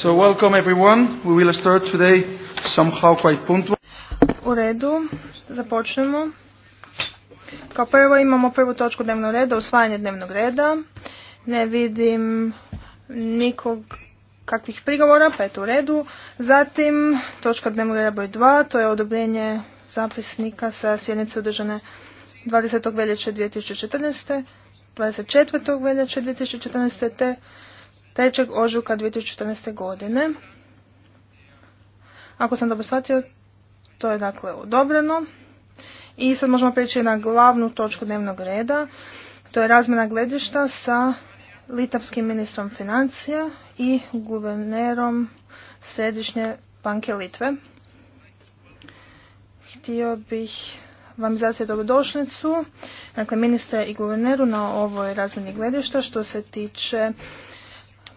So welcome everyone. We will start today somehow quite U redu, započnemo. Kao prvo imamo prvu točku dnevnog reda, usvajanje dnevnog reda. Ne vidim nikog kakvih prigovora, pa je to u redu. Zatim, točka dnevnog reda broj 2, to je odobrenje zapisnika sa sjednice održane 20. veljače 2014. 24. veljače 2014. te 3. ožujka 2014. godine. Ako sam dobro shvatio, to je dakle odobreno. I sad možemo prijeći na glavnu točku dnevnog reda. To je razmjena gledišta sa litavskim ministrom financija i guvernerom Središnje banke Litve. Htio bih vam dobro dobrodošlicu, dakle ministra i guverneru na ovoj razmjeni gledišta što se tiče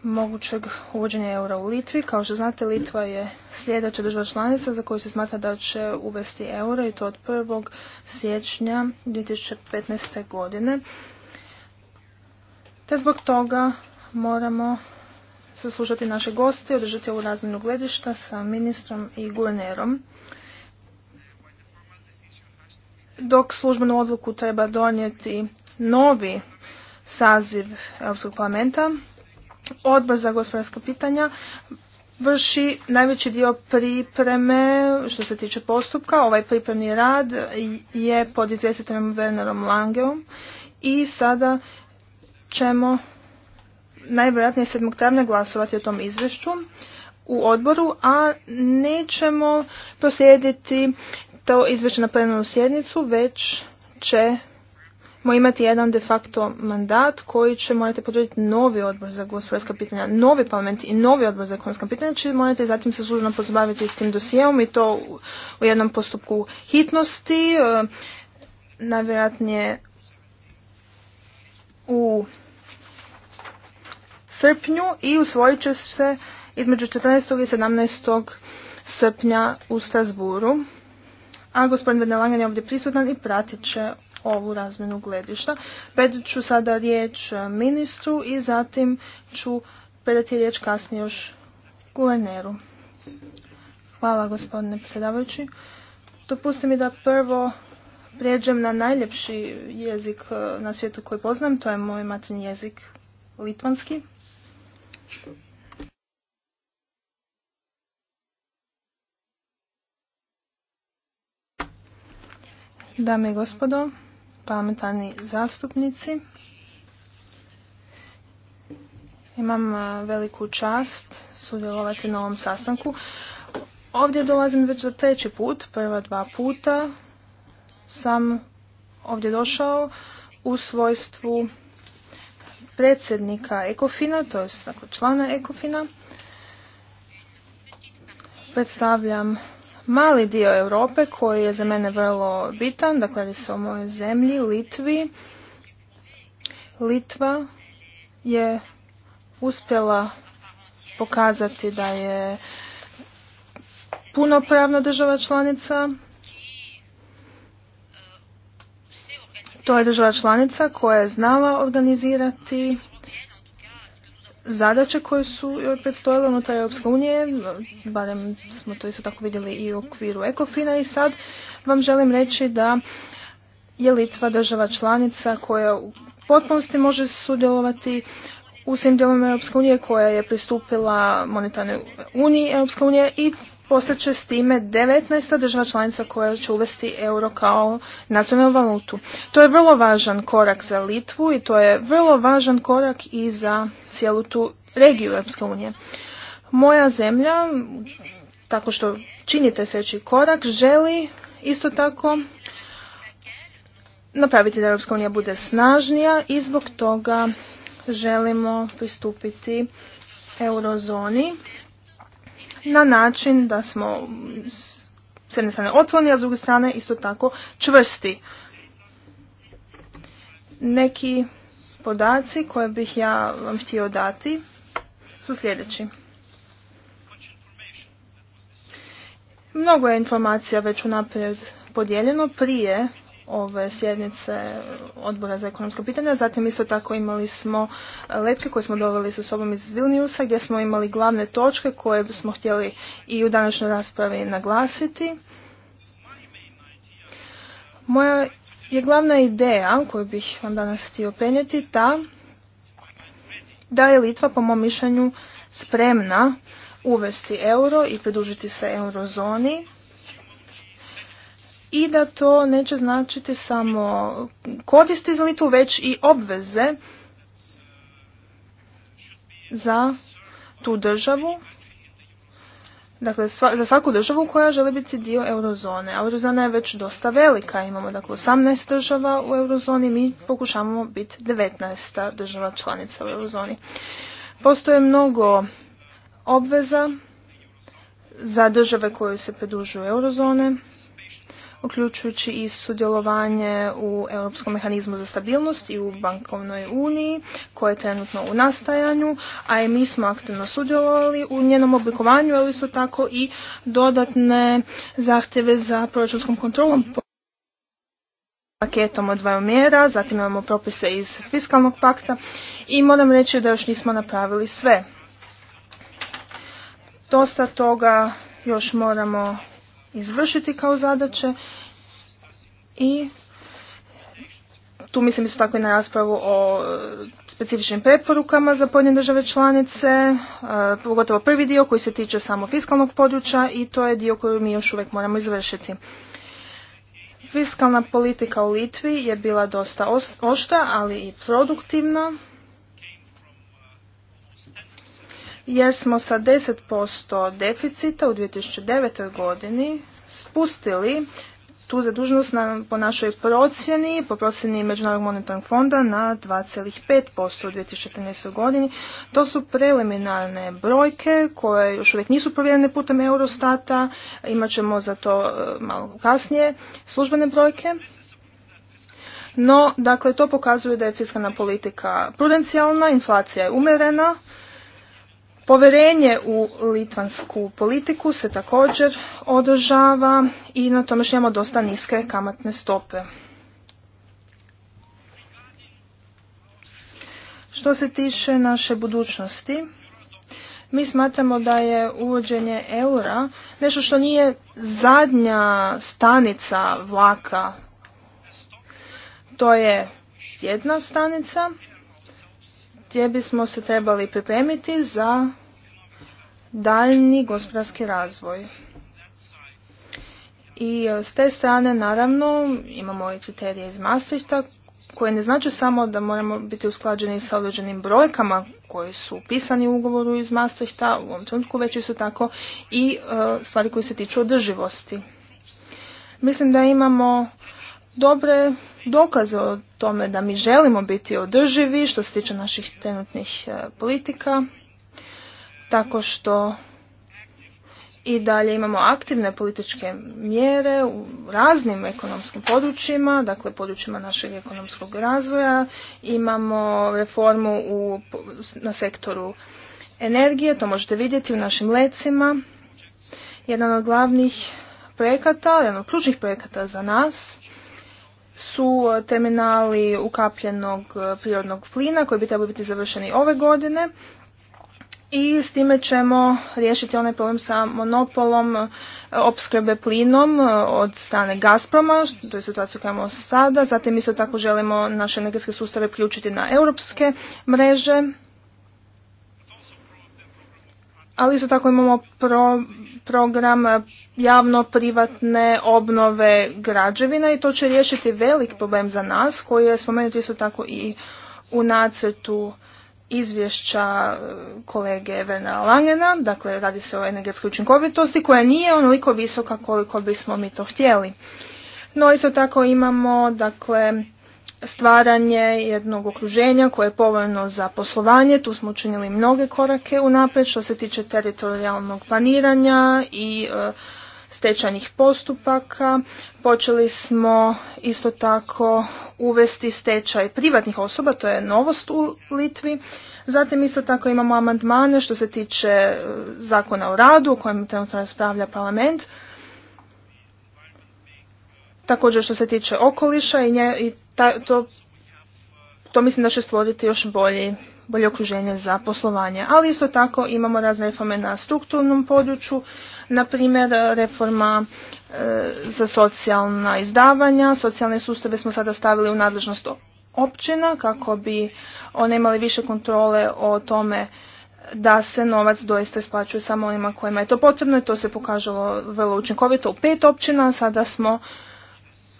mogućeg uvođenja eura u Litvi. Kao što znate, Litva je sljedeća država članica za koju se smatra da će uvesti euro i to od 1. siječnja 2015. godine. Te zbog toga moramo saslušati naše goste i održati ovu razminu gledišta sa ministrom i guvernerom. Dok službenu odluku treba donijeti novi saziv Europskog parlamenta, Odbor za gospodarska pitanja vrši najveći dio pripreme što se tiče postupka. Ovaj pripremni rad je pod izvjestiteljem Wernerom Langeom i sada ćemo najvjerojatnije 7. travnja glasovati o tom izvješću u odboru, a nećemo proslijediti to izvješće na plenarnu sjednicu, već će imati jedan de facto mandat koji će morate potvrditi novi odbor za gospodarska pitanja, novi parlament i novi odbor za ekonomska pitanja će morate zatim se služno pozbaviti s tim dosijevom i to u jednom postupku hitnosti, e, najvjerojatnije u srpnju i usvojit će se između 14. i 17. srpnja u Strasburu. A gospodin Vedelangan je ovdje prisutan i pratit će ovu razmenu gledišta. Predat ću sada riječ e, ministru i zatim ću predati riječ kasnije još guverneru. Hvala gospodine predsjedavajući. Dopustite mi da prvo prijeđem na najljepši jezik e, na svijetu koji poznam, to je moj matrin jezik litvanski. Dame i gospodo, pametani zastupnici. Imam veliku čast sudjelovati na ovom sastanku. Ovdje dolazim već za treći put, prva dva puta sam ovdje došao u svojstvu predsjednika Ekofina, to je dakle člana Ekofina. Predstavljam mali dio Europe koji je za mene vrlo bitan, dakle radi se o mojoj zemlji, Litvi. Litva je uspjela pokazati da je punopravna država članica. To je država članica koja je znala organizirati zadaće koje su joj predstojile unutar Europske unije, barem smo to isto tako vidjeli i u okviru Ekofina i sad vam želim reći da je Litva država članica koja u potpunosti može sudjelovati u svim dijelovima Europske unije koja je pristupila monetarnoj uniji Europske unije i će s time 19. država članica koja će uvesti euro kao nacionalnu valutu. To je vrlo važan korak za Litvu i to je vrlo važan korak i za cijelu tu regiju Europske unije. Moja zemlja, tako što činite sljedeći korak, želi isto tako napraviti da Europska unija bude snažnija i zbog toga želimo pristupiti eurozoni na način da smo s jedne strane otvorni, a s druge strane isto tako čvrsti. Neki podaci koje bih ja vam htio dati su sljedeći. Mnogo je informacija već unaprijed podijeljeno prije ove sjednice odbora za ekonomska pitanja. Zatim isto tako imali smo letke koje smo doveli sa sobom iz Vilniusa gdje smo imali glavne točke koje smo htjeli i u današnjoj raspravi naglasiti. Moja je glavna ideja koju bih vam danas htio prenijeti ta da je Litva po mom mišljenju spremna uvesti euro i pridružiti se eurozoni i da to neće značiti samo koristi za Litvu, već i obveze za tu državu, dakle za svaku državu koja želi biti dio eurozone. Eurozona je već dosta velika, imamo dakle 18 država u eurozoni, mi pokušavamo biti 19. država članica u eurozoni. Postoje mnogo obveza za države koje se pridružuju eurozone uključujući i sudjelovanje u Europskom mehanizmu za stabilnost i u bankovnoj uniji koje je trenutno u nastajanju, a i mi smo aktivno sudjelovali u njenom oblikovanju, ali su tako i dodatne zahtjeve za proračunskom kontrolom paketom od dvaju mjera, zatim imamo propise iz fiskalnog pakta i moram reći da još nismo napravili sve. Dosta toga još moramo izvršiti kao zadaće i tu mislim isto tako i na raspravu o e, specifičnim preporukama za pojedine države članice, e, pogotovo prvi dio koji se tiče samo fiskalnog područja i to je dio koji mi još uvijek moramo izvršiti. Fiskalna politika u Litvi je bila dosta ošta, ali i produktivna jer smo sa 10% deficita u 2009. godini spustili tu zadužnost na, po našoj procjeni, po procjeni Međunarodnog monetarnog fonda na 2,5% u 2014. godini. To su preliminarne brojke koje još uvijek nisu provjerene putem Eurostata, imat ćemo za to e, malo kasnije službene brojke. No, dakle, to pokazuje da je fiskalna politika prudencijalna, inflacija je umerena, Povjerenje u litvansku politiku se također održava i na tome što imamo dosta niske kamatne stope. Što se tiče naše budućnosti, mi smatramo da je uvođenje eura nešto što nije zadnja stanica vlaka. To je jedna stanica gdje bismo se trebali pripremiti za daljni gospodarski razvoj. I e, s te strane naravno imamo i kriterije iz Maastrichta koje ne znači samo da moramo biti usklađeni sa određenim brojkama koji su upisani u ugovoru iz Maastrichta u ovom trenutku već su tako i e, stvari koje se tiču održivosti. Mislim da imamo dobre dokaze o tome da mi želimo biti održivi što se tiče naših trenutnih e, politika tako što i dalje imamo aktivne političke mjere u raznim ekonomskim područjima, dakle područjima našeg ekonomskog razvoja. Imamo reformu u, na sektoru energije, to možete vidjeti u našim lecima. Jedan od glavnih projekata, jedan od ključnih projekata za nas su terminali ukapljenog prirodnog plina koji bi trebali biti završeni ove godine, i s time ćemo riješiti onaj problem sa monopolom e, opskrbe plinom e, od strane Gazproma, to je situacija koja imamo sada, zatim isto tako želimo naše energetske sustave priključiti na europske mreže, ali isto tako imamo program javno-privatne obnove građevina i to će riješiti velik problem za nas koji je spomenuti isto tako i u nacrtu izvješća e, kolege Vena Langena, dakle radi se o energetskoj učinkovitosti koja nije onoliko visoka koliko bismo mi to htjeli. No isto tako imamo dakle stvaranje jednog okruženja koje je povoljno za poslovanje. Tu smo učinili mnoge korake unaprijed što se tiče teritorijalnog planiranja i e, stečajnih postupaka. Počeli smo isto tako uvesti stečaj privatnih osoba, to je novost u Litvi. Zatim isto tako imamo amandmane što se tiče e, zakona o radu o kojem trenutno raspravlja parlament. Također što se tiče okoliša i, to, to mislim da će stvoriti još bolji bolje okruženje za poslovanje. Ali isto tako imamo razne reforme na strukturnom području, na primjer reforma e, za socijalna izdavanja. Socijalne sustave smo sada stavili u nadležnost općina kako bi one imali više kontrole o tome da se novac doista isplaćuje samo onima kojima je to potrebno i to se pokazalo vrlo učinkovito u pet općina, a sada smo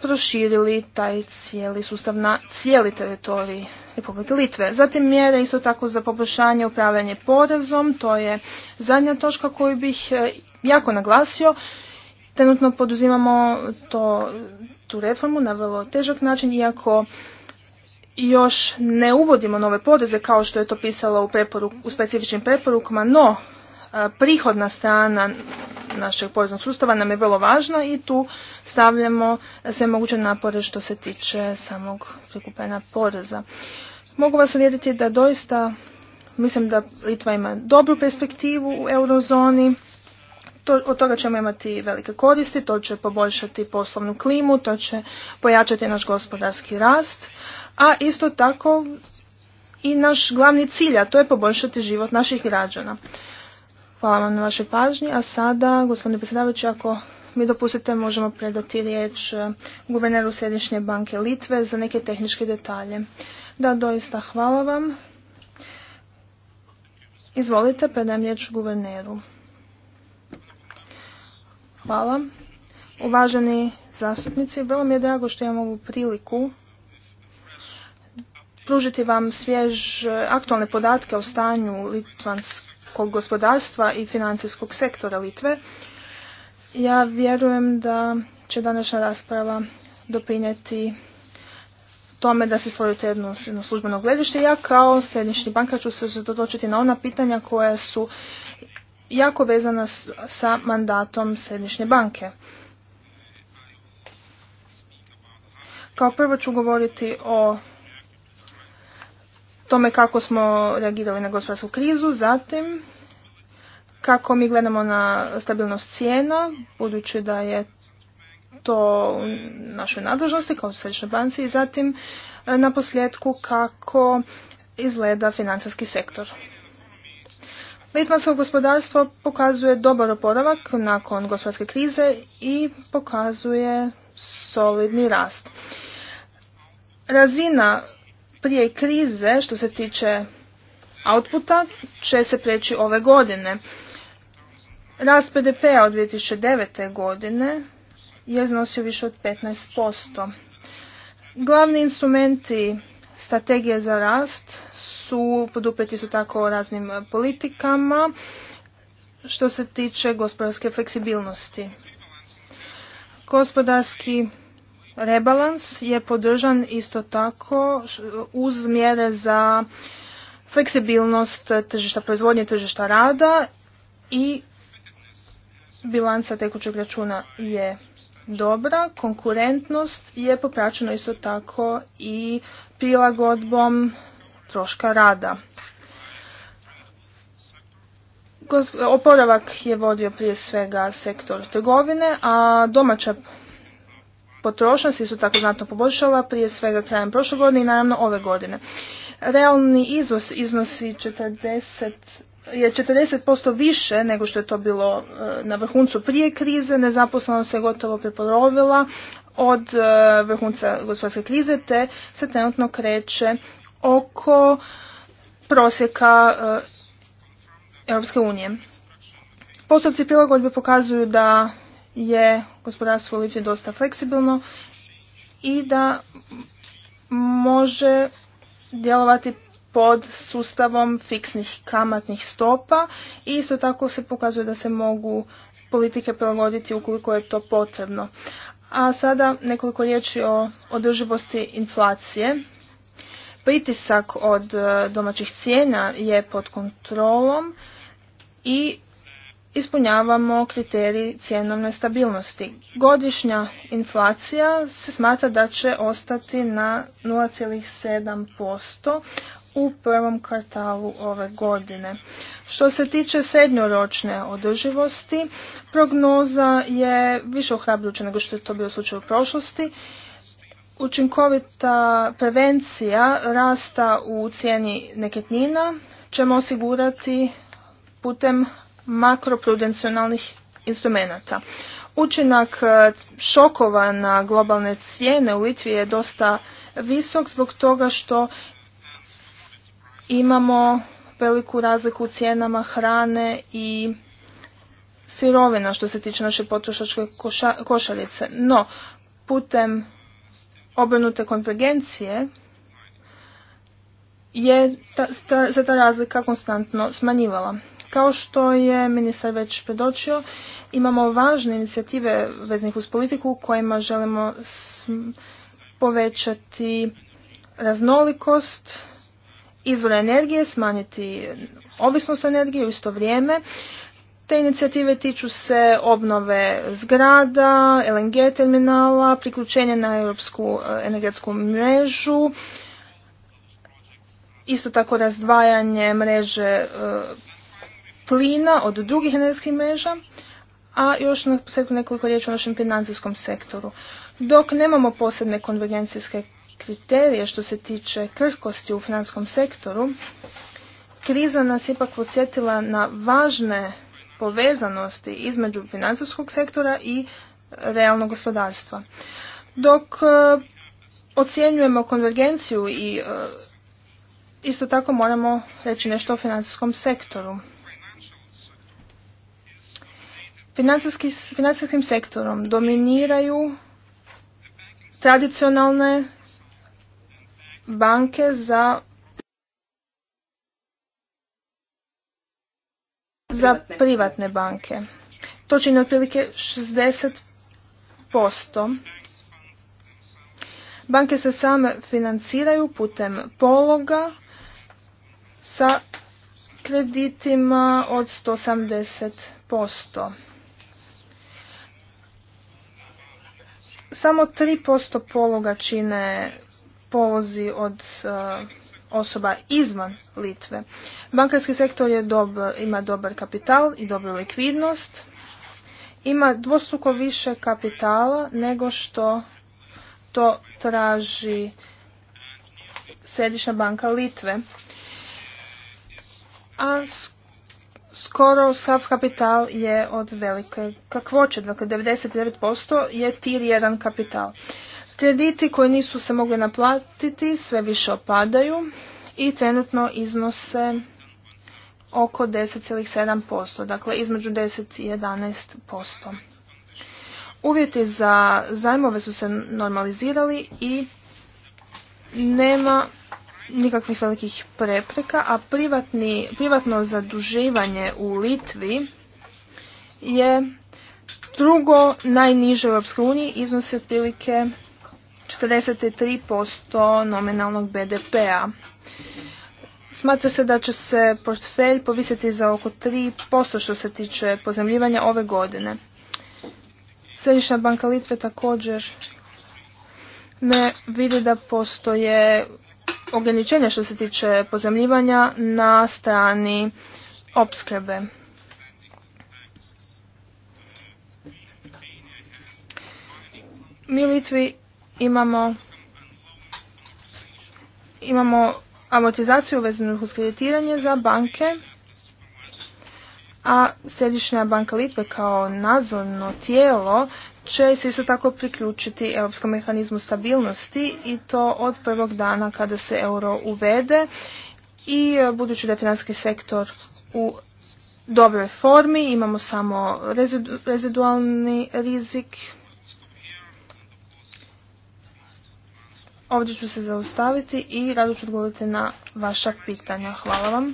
proširili taj cijeli sustav na cijeli teritorij Republike Litve. Zatim mjere isto tako za poboljšanje upravljanje porezom, to je zadnja točka koju bih e, jako naglasio. Trenutno poduzimamo to, tu reformu na vrlo težak način, iako još ne uvodimo nove poreze kao što je to pisalo u, u specifičnim preporukama, no prihodna strana našeg poreznog sustava nam je vrlo važna i tu stavljamo sve moguće napore što se tiče samog prikupljanja poreza. Mogu vas uvjeriti da doista mislim da Litva ima dobru perspektivu u eurozoni. To, od toga ćemo imati velike koristi, to će poboljšati poslovnu klimu, to će pojačati naš gospodarski rast, a isto tako i naš glavni cilj, a to je poboljšati život naših građana. Hvala vam na vašoj pažnji, a sada, gospodine predsjedavajući, ako mi dopustite, možemo predati riječ e, guverneru Središnje banke Litve za neke tehničke detalje. Da, doista hvala vam. Izvolite, predajem riječ guverneru. Hvala. Uvaženi zastupnici, vrlo mi je drago što imam ovu priliku pružiti vam svjež e, aktualne podatke o stanju litvanske kog gospodarstva i financijskog sektora Litve. Ja vjerujem da će današnja rasprava doprinijeti tome da se stvorite jedno, jedno službeno gledište. Ja kao središnji banka ću se zadotočiti na ona pitanja koja su jako vezana s, sa mandatom središnje banke. Kao prvo ću govoriti o tome kako smo reagirali na gospodarsku krizu, zatim kako mi gledamo na stabilnost cijena, budući da je to u našoj nadležnosti kao središnjoj banci i zatim e, na posljedku kako izgleda financijski sektor. Litvansko gospodarstvo pokazuje dobar oporavak nakon gospodarske krize i pokazuje solidni rast. Razina prije krize što se tiče outputa će se preći ove godine. Rast BDP-a od 2009. godine je iznosio više od 15%. Glavni instrumenti strategije za rast su podupeti su tako raznim politikama što se tiče gospodarske fleksibilnosti. Gospodarski rebalans je podržan isto tako uz mjere za fleksibilnost tržišta proizvodnje, tržišta rada i bilanca tekućeg računa je dobra, konkurentnost je popraćena isto tako i prilagodbom troška rada. Oporavak je vodio prije svega sektor trgovine, a domaća potrošnja se isto tako znatno poboljšala prije svega krajem prošle godine i naravno ove godine. Realni izvoz iznosi 40 je 40% više nego što je to bilo e, na vrhuncu prije krize, nezaposlenost se gotovo prepolovila od e, vrhunca gospodarske krize, te se trenutno kreće oko prosjeka e, Europske unije. Postupci prilagodbe pokazuju da je gospodarstvo u Litvi dosta fleksibilno i da može djelovati pod sustavom fiksnih kamatnih stopa i isto tako se pokazuje da se mogu politike prilagoditi ukoliko je to potrebno. A sada nekoliko riječi o održivosti inflacije. Pritisak od eh, domaćih cijena je pod kontrolom i ispunjavamo kriterij cjenovne stabilnosti. Godišnja inflacija se smatra da će ostati na 0,7% u prvom kvartalu ove godine. Što se tiče srednjoročne održivosti, prognoza je više ohrabrujuća nego što je to bio slučaj u prošlosti. Učinkovita prevencija rasta u cijeni nekretnina ćemo osigurati putem makroprudencionalnih instrumenata. Učinak e, šokova na globalne cijene u Litvi je dosta visok zbog toga što imamo veliku razliku u cijenama hrane i sirovina što se tiče naše potrošačke košarice. No, putem obrnute konvergencije je ta, se ta razlika konstantno smanjivala. Kao što je ministar već predočio, imamo važne inicijative veznih uz politiku kojima želimo povećati raznolikost izvora energije, smanjiti ovisnost energije u isto vrijeme. Te inicijative tiču se obnove zgrada, LNG terminala, priključenje na europsku e, energetsku mrežu, isto tako razdvajanje mreže e, plina od drugih energetskih mreža, a još na posljedku nekoliko riječi o našem financijskom sektoru. Dok nemamo posebne konvergencijske kriterije što se tiče krhkosti u financijskom sektoru, kriza nas ipak podsjetila na važne povezanosti između financijskog sektora i e, realnog gospodarstva. Dok e, ocjenjujemo konvergenciju i e, isto tako moramo reći nešto o financijskom sektoru financijskim sektorom dominiraju tradicionalne banke za za privatne banke. To čini otprilike 60%. Banke se same financiraju putem pologa sa kreditima od 180%. Samo 3% pologa čine polozi od eh, osoba izvan Litve. Bankarski sektor je ima dobar kapital i dobru likvidnost. Ima dvostruko više kapitala nego što to traži Središnja banka Litve. A skoro sav kapital je od velike kakvoće, dakle 99% je tir 1 kapital. Krediti koji nisu se mogli naplatiti sve više opadaju i trenutno iznose oko 10,7%, dakle između 10 i 11%. Uvjeti za zajmove su se normalizirali i nema nikakvih velikih prepreka, a privatni, privatno zaduživanje u Litvi je drugo najniže u Uniji iznosi otprilike 43% nominalnog BDP-a. Smatra se da će se portfelj povisiti za oko 3% što se tiče pozemljivanja ove godine. Središnja banka Litve također ne vidi da postoje ograničenja što se tiče pozemljivanja na strani opskrbe. Mi u Litvi imamo imamo amortizaciju vezanu uz kreditiranje za banke, a Središnja banka Litve kao nadzorno tijelo će se isto tako priključiti europskom mehanizmu stabilnosti i to od prvog dana kada se euro uvede i e, budući da je financijski sektor u dobroj formi, imamo samo rezidualni rizik. Ovdje ću se zaustaviti i rado ću odgovoriti na vaša pitanja. Hvala vam.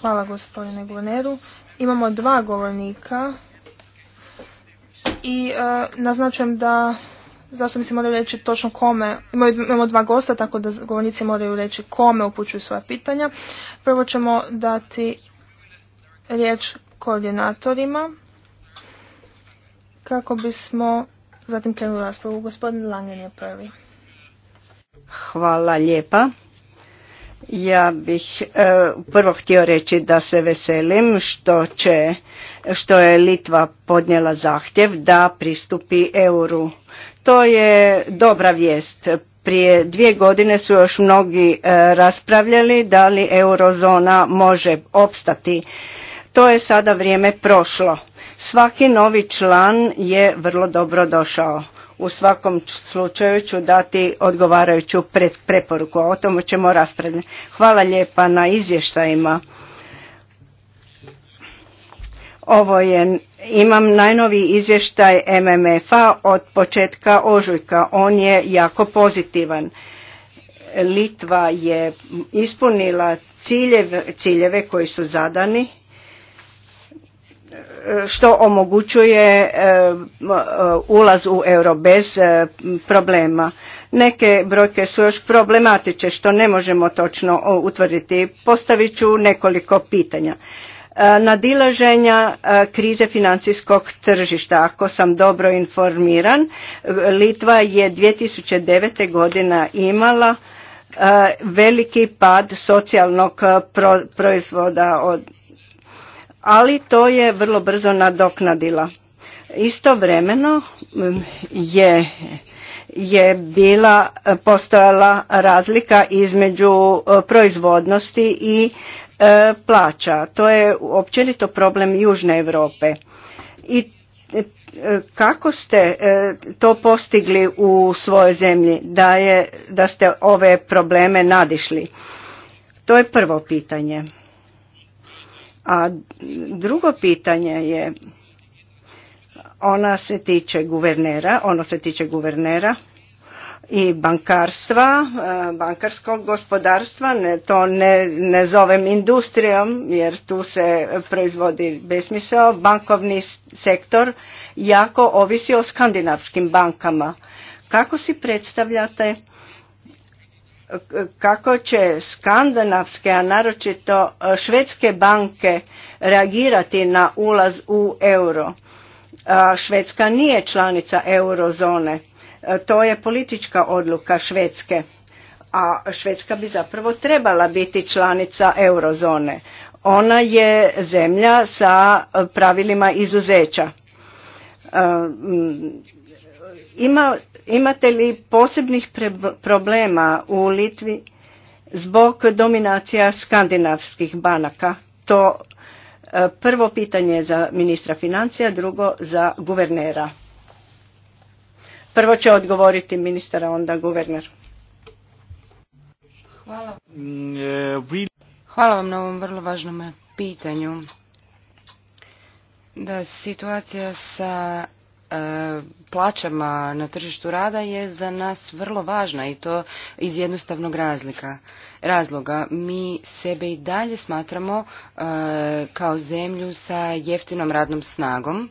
Hvala gospodine guverneru. Imamo dva govornika i e, naznačujem da zastupnici moraju reći točno kome, imamo dva gosta, tako da govornici moraju reći kome upućuju svoja pitanja. Prvo ćemo dati riječ koordinatorima kako bismo zatim krenuli raspravu. Gospodin Langen je prvi. Hvala lijepa. Ja bih e, prvo htio reći da se veselim što će, što je Litva podnijela zahtjev da pristupi euru. To je dobra vijest. Prije dvije godine su još mnogi e, raspravljali da li eurozona može opstati. To je sada vrijeme prošlo. Svaki novi član je vrlo dobro došao. U svakom slučaju ću dati odgovarajuću preporuku, o tomu ćemo raspravljati. Hvala lijepa na izvještajima. Ovo je, imam najnoviji izvještaj MMF-a od početka ožujka, on je jako pozitivan. Litva je ispunila ciljeve koji su zadani što omogućuje e, e, ulaz u euro bez e, problema. Neke brojke su još problematiče što ne možemo točno utvrditi. Postavit ću nekoliko pitanja. Nadilaženja krize financijskog tržišta, ako sam dobro informiran, Litva je 2009. godina imala veliki pad socijalnog proizvoda od ali to je vrlo brzo nadoknadila. Istovremeno mm, je je bila e, postojala razlika između e, proizvodnosti i e, plaća. To je općenito problem Južne Europe. I kako ste to postigli u svojoj zemlji da, je, da ste ove probleme nadišli? To je prvo pitanje. A drugo pitanje je, ona se tiče guvernera, ono se tiče guvernera i bankarstva, eh, bankarskog gospodarstva, ne, to ne, ne zovem industrijom jer tu se proizvodi besmisao, bankovni sektor jako ovisi o skandinavskim bankama. Kako si predstavljate kako će skandinavske, a naročito e, švedske banke reagirati na ulaz u euro. E, Švedska nije članica eurozone. E, to je politička odluka Švedske. A Švedska bi zapravo trebala biti članica eurozone. Ona je zemlja sa pravilima izuzeća. Ima Imate li posebnih problema u Litvi zbog dominacija skandinavskih banaka? To e, prvo pitanje za ministra financija, drugo za guvernera. Prvo će odgovoriti ministar, onda guverner. Hvala. Mm, e, Hvala vam na ovom vrlo važnom pitanju. Da, situacija sa E, plaćama na tržištu rada je za nas vrlo važna i to iz jednostavnog razlika. razloga. Mi sebe i dalje smatramo e, kao zemlju sa jeftinom radnom snagom.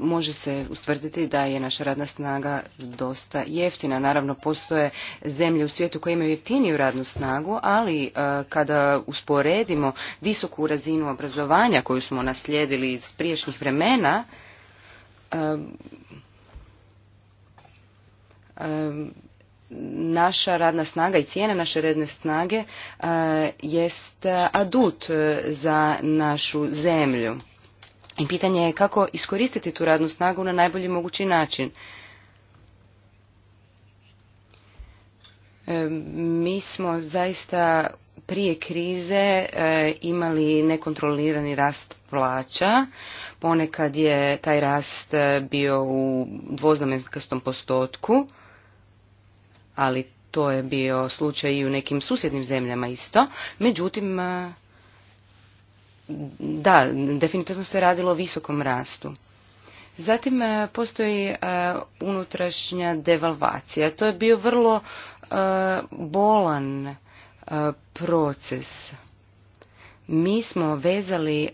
Može se ustvrditi da je naša radna snaga dosta jeftina. Naravno, postoje zemlje u svijetu koje imaju jeftiniju radnu snagu, ali e, kada usporedimo visoku razinu obrazovanja koju smo naslijedili iz priješnjih vremena, naša radna snaga i cijena naše redne snage e, jest e, adut e, za našu zemlju. I pitanje je kako iskoristiti tu radnu snagu na najbolji mogući način. Mi smo zaista prije krize imali nekontrolirani rast plaća Ponekad je taj rast e, bio u dvoznamenskastom postotku, ali to je bio slučaj i u nekim susjednim zemljama isto. Međutim, e, da, definitivno se radilo o visokom rastu. Zatim e, postoji unutrašnja devalvacija. To je bio vrlo bolan proces mi smo vezali e,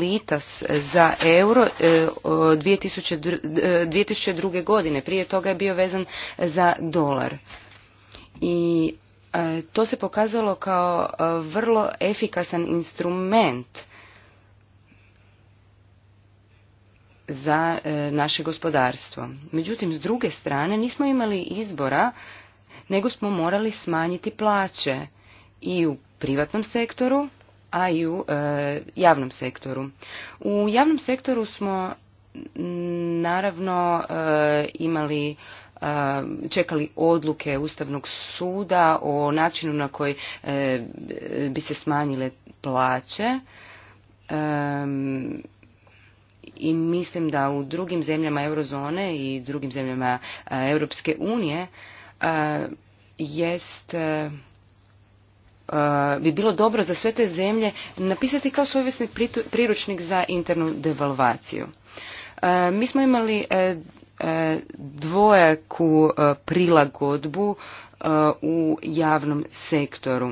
litas za euro 2002. E, e, godine. Prije toga je bio vezan za dolar. I to se pokazalo kao vrlo efikasan instrument za naše gospodarstvo. Međutim, s druge strane, nismo imali izbora, nego smo morali smanjiti plaće i u privatnom sektoru, a i u e, javnom sektoru. U javnom sektoru smo naravno e, imali e, čekali odluke Ustavnog suda o načinu na koji bi se smanjile plaće i mislim da u drugim zemljama eurozone i drugim zemljama Europske unije jest E, bi bilo dobro za sve te zemlje napisati kao svojevrsni priručnik za internu devalvaciju. E, mi smo imali e, dvojaku prilagodbu u javnom sektoru.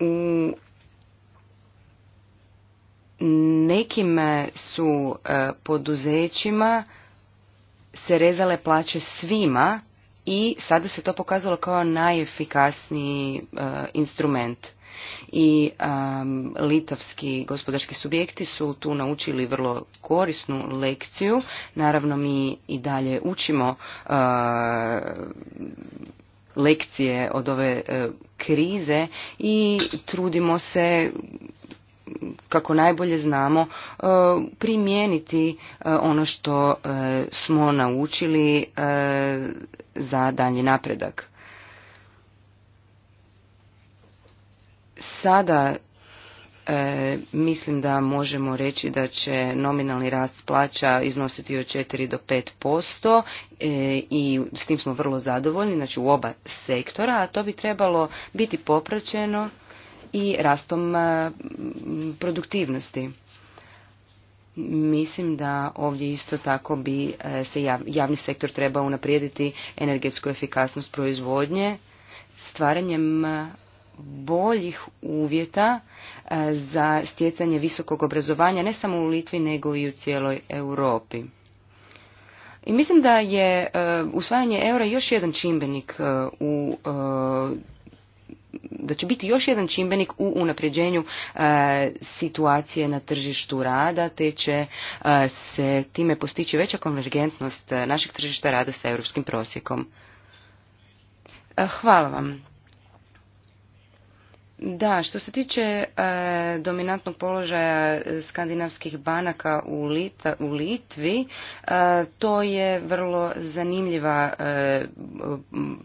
U nekim su poduzećima se rezale plaće svima i sada se to pokazalo kao najefikasniji e, instrument i litavski gospodarski subjekti su tu naučili vrlo korisnu lekciju naravno mi i dalje učimo e, lekcije od ove e, krize i trudimo se kako najbolje znamo e, primijeniti e, ono što e, smo naučili za dalji napredak. Sada mislim da možemo reći da će nominalni rast plaća iznositi od 4 do 5 posto i s tim smo vrlo zadovoljni znači u oba sektora a to bi trebalo biti popraćeno i rastom e, produktivnosti. Mislim da ovdje isto tako bi e, se javni sektor trebao unaprijediti energetsku efikasnost proizvodnje stvaranjem e, boljih uvjeta za stjecanje visokog obrazovanja ne samo u Litvi nego i u cijeloj Europi. I mislim da je usvajanje eura još jedan čimbenik u da će biti još jedan čimbenik u unapređenju e, situacije na tržištu rada, te će e, se time postići veća konvergentnost e, našeg tržišta rada sa europskim prosjekom. Hvala vam. Da, što se tiče e, dominantnog položaja skandinavskih banaka u, u Litvi, e, to je vrlo zanimljiva e,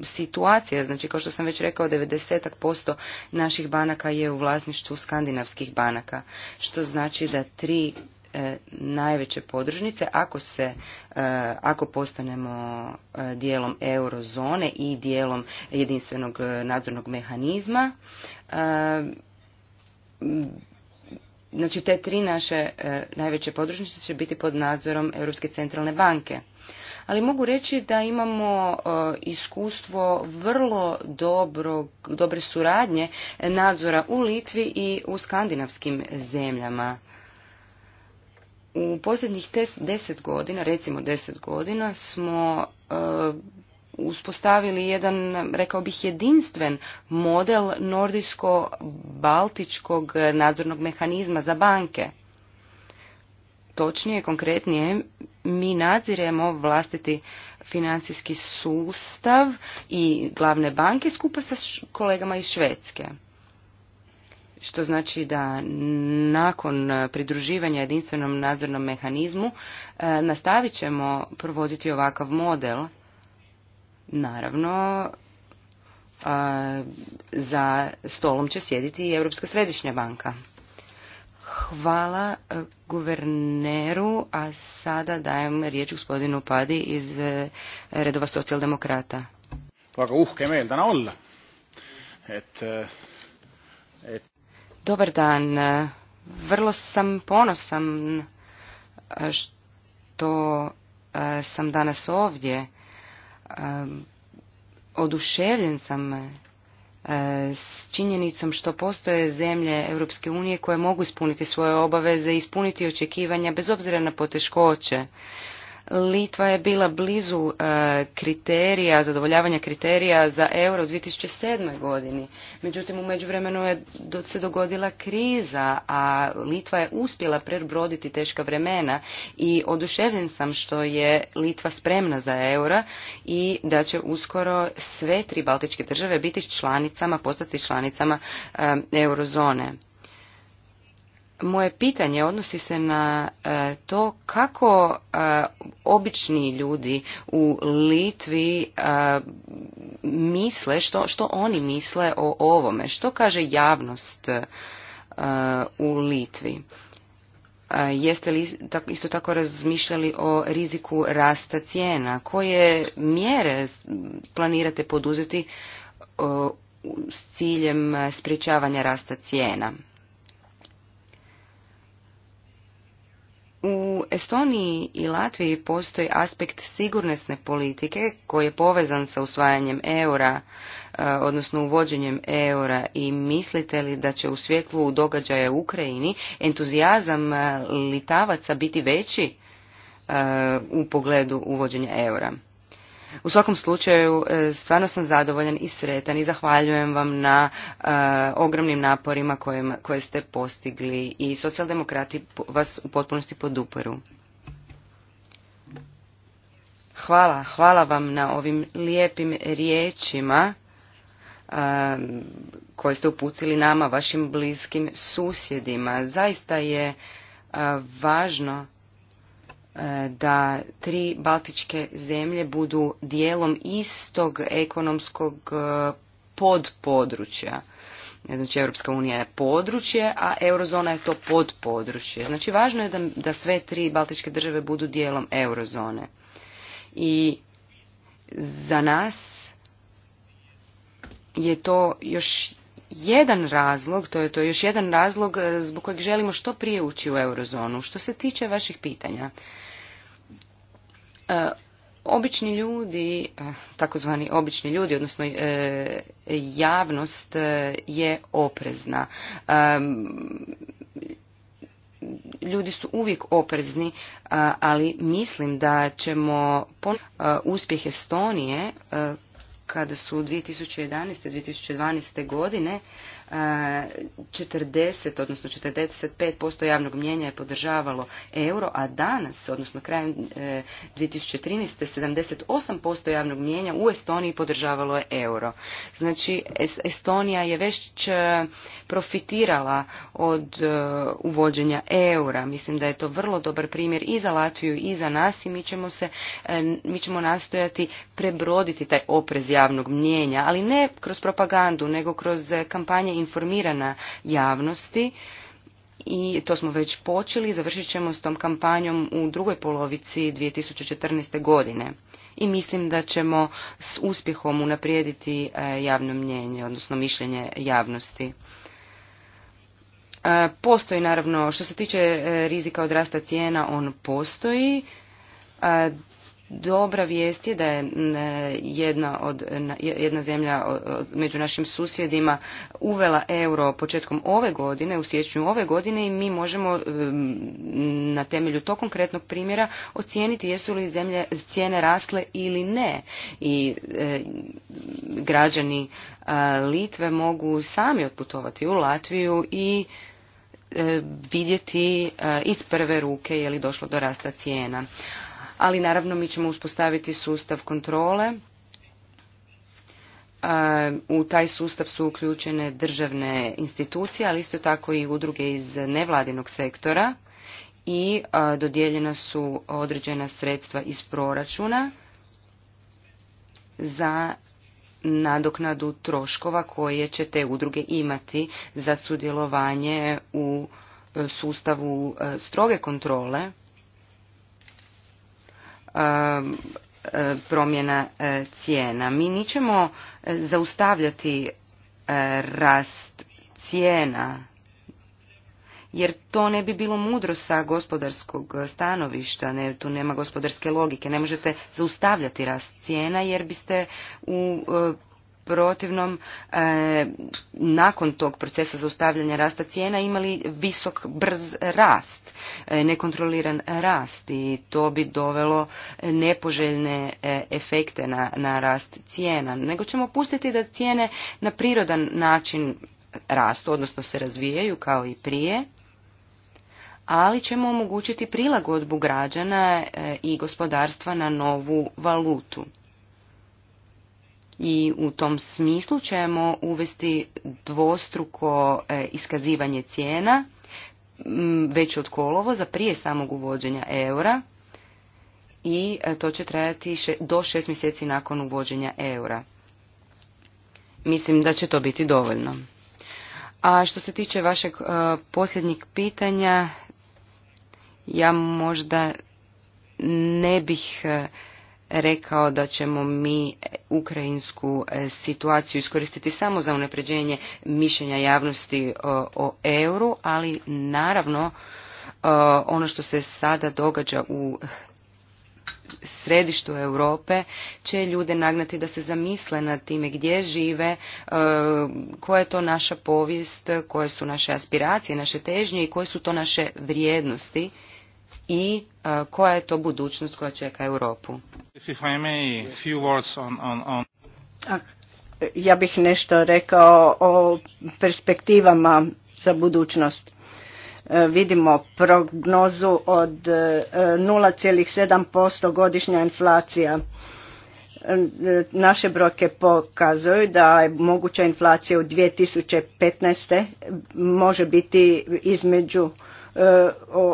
situacija. Znači, kao što sam već rekao, 90% naših banaka je u vlasništvu skandinavskih banaka, što znači da tri E, najveće podružnice ako se e, ako postanemo e, dijelom eurozone i dijelom jedinstvenog nadzornog mehanizma znači te tri naše najveće podružnice će biti pod nadzorom Europske centralne banke ali mogu reći da imamo iskustvo vrlo dobre suradnje nadzora u Litvi i u skandinavskim zemljama u posljednjih deset godina, recimo deset godina, smo e, uspostavili jedan, rekao bih, jedinstven model nordijsko-baltičkog nadzornog mehanizma za banke. Točnije, konkretnije, mi nadziremo vlastiti financijski sustav i glavne banke skupa sa kolegama iz Švedske što znači da nakon e, pridruživanja jedinstvenom nadzornom mehanizmu e, nastavit ćemo provoditi ovakav model, naravno e, za stolom će sjediti i Europska središnja banka. Hvala guverneru, a sada dajem riječ gospodinu Padi iz redova socijaldemokrata. Et, et... Dobar dan. Vrlo sam ponosan eh, što eh, sam danas ovdje. Eh, oduševljen sam s činjenicom što postoje zemlje Europske unije koje mogu ispuniti svoje obaveze, ispuniti očekivanja bez obzira na poteškoće. Litva je bila blizu e, kriterija, zadovoljavanja kriterija za euro u 2007. godini. Međutim, u međuvremenu je se dogodila kriza, a Litva je uspjela prebroditi teška vremena i oduševljen sam što je Litva spremna za euro i da će uskoro sve tri baltičke države biti članicama, postati članicama e, eurozone. Moje pitanje odnosi se na e, to kako e, obični ljudi u Litvi e, misle, što, što oni misle o ovome, što kaže javnost u Litvi. Jeste li isto tako razmišljali o riziku rasta cijena? Koje mjere planirate poduzeti s ciljem sprječavanja rasta cijena? U Estoniji i Latviji postoji aspekt sigurnosne politike koji je povezan sa usvajanjem eura, e, odnosno uvođenjem eura i mislite li da će u svjetlu događaja u Ukrajini entuzijazam e, litavaca biti veći e, u pogledu uvođenja eura? U svakom slučaju e, stvarno sam zadovoljan i sretan i zahvaljujem vam na e, ogromnim naporima koje ste postigli i socijaldemokrati vas u potpunosti poduporu. Hvala, hvala vam na ovim lijepim riječima e, koje ste upucili nama, vašim bliskim susjedima. Zaista je važno da tri baltičke zemlje budu dijelom istog ekonomskog e, podpodručja. Znači, Europska unija je područje, a eurozona je to podpodručje. Znači, važno je da, da sve tri baltičke države budu dijelom eurozone. I za nas je to još jedan razlog, to je to još jedan razlog e, zbog kojeg želimo što prije ući u eurozonu. Što se tiče vaših pitanja, E, obični ljudi, e, takozvani obični ljudi, odnosno e, javnost je oprezna. Ljudi su uvijek oprezni, ali mislim da ćemo uspjeh Estonije kada su 2011. 2012. godine 40, odnosno 45% javnog mnjenja je podržavalo euro, a danas, odnosno krajem 2013. E, 78% javnog mnjenja u Estoniji podržavalo je euro. Znači, Estonija je već e, profitirala od e, uvođenja eura. Mislim da je to vrlo dobar primjer i za Latviju i za nas i mi ćemo, se, mi ćemo nastojati prebroditi taj oprez javnog mnjenja, ali ne kroz propagandu, nego kroz kampanje informirana javnosti i to smo već počeli, završit ćemo s tom kampanjom u drugoj polovici 2014. godine. I mislim da ćemo s uspjehom unaprijediti e, javno mnjenje, odnosno mišljenje javnosti. E, postoji naravno, što se tiče e, rizika odrasta cijena, on postoji. Dobra vijest je da je e, jedna, od, jedna zemlja među našim susjedima uvela euro početkom ove godine, u siječnju ove godine i mi možemo e, na temelju tog konkretnog primjera ocijeniti jesu li cijene rasle ili ne. I e, građani Litve mogu sami otputovati u Latviju i vidjeti iz prve ruke je li došlo do rasta cijena ali naravno mi ćemo uspostaviti sustav kontrole. E, u taj sustav su uključene državne institucije, ali isto tako i udruge iz nevladinog sektora i e, dodijeljena su određena sredstva iz proračuna za nadoknadu troškova koje će te udruge imati za sudjelovanje u e, sustavu stroge kontrole Eh, promjena eh, cijena. Mi nećemo eh, zaustavljati rast cijena jer to ne bi bilo mudro sa gospodarskog stanovišta, ne, tu nema gospodarske logike, ne možete zaustavljati rast cijena jer biste u protivnom e, nakon tog procesa zaustavljanja rasta cijena imali visok brz rast, e, nekontroliran rast i to bi dovelo nepoželjne e, efekte na, na rast cijena, nego ćemo pustiti da cijene na prirodan način rastu, odnosno se razvijaju kao i prije ali ćemo omogućiti prilagodbu građana i gospodarstva na novu valutu i u tom smislu ćemo uvesti dvostruko e, iskazivanje cijena već od kolovoza prije samog uvođenja eura i e, to će trajati do šest mjeseci nakon uvođenja eura. Mislim da će to biti dovoljno. A što se tiče vašeg e, posljednjeg pitanja, ja možda ne bih rekao da ćemo mi ukrajinsku e, situaciju iskoristiti samo za unapređenje mišljenja javnosti e, o, euro, euru, ali naravno e, ono što se sada događa u središtu Europe će ljude nagnati da se zamisle nad time gdje žive, koja je to naša povijest, koje su naše aspiracije, naše težnje i koje su to naše vrijednosti i koja je to budućnost koja čeka Europu. Ja bih nešto rekao o perspektivama za budućnost. E, vidimo prognozu od 0,7% e, godišnja inflacija. E, naše brojke pokazuju da je moguća inflacija u 2015. može biti između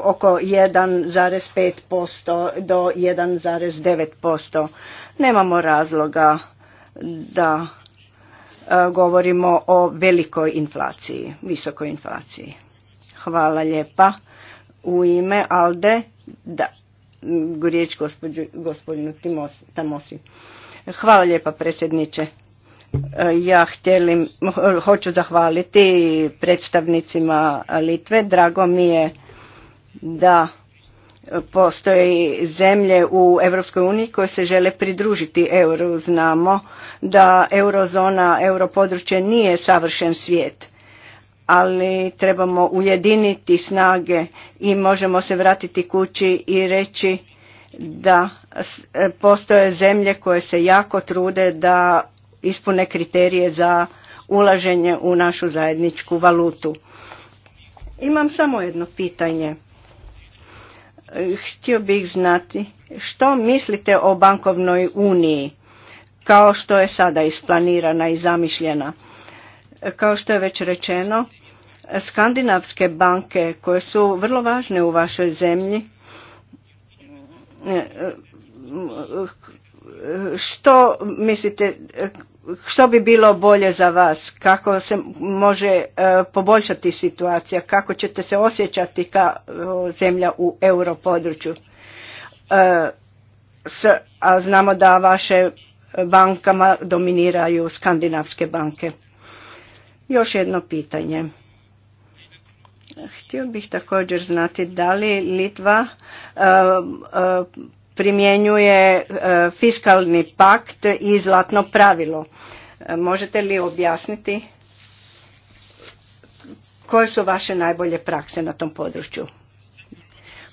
oko 1,5% do 1,9%. Nemamo razloga da e, govorimo o velikoj inflaciji, visokoj inflaciji. Hvala lijepa. U ime Alde, da, riječ gospodinu Tamosi. Hvala lijepa predsjedniče. Ja htjelim, hoću zahvaliti predstavnicima Litve. Drago mi je da postoje zemlje u EU koje se žele pridružiti euro Znamo da eurozona, europodručje nije savršen svijet, ali trebamo ujediniti snage i možemo se vratiti kući i reći da e, postoje zemlje koje se jako trude da ispune kriterije za ulaženje u našu zajedničku valutu. Imam samo jedno pitanje. Htio bih znati što mislite o bankovnoj uniji kao što je sada isplanirana i zamišljena. Kao što je već rečeno, skandinavske banke koje su vrlo važne u vašoj zemlji, što mislite što bi bilo bolje za vas, kako se može e, poboljšati situacija, kako ćete se osjećati kao e, zemlja u europodručju. E, a znamo da vaše bankama dominiraju skandinavske banke. Još jedno pitanje. Htio bih također znati da li Litva primjenjuje e, fiskalni pakt i zlatno pravilo. E, možete li objasniti koje su vaše najbolje prakse na tom području?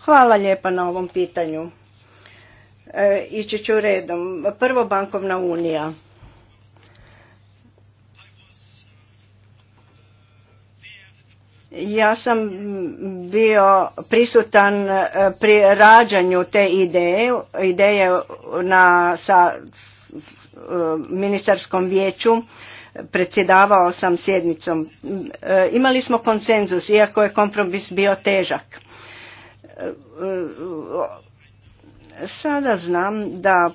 Hvala lijepa na ovom pitanju. E, ići ću redom. Prvo bankovna unija. Ja sam bio prisutan e, pri rađanju te ideje, ideje na, sa e, ministarskom vijeću, predsjedavao sam sjednicom. E, imali smo konsenzus, iako je kompromis bio težak. Sada znam da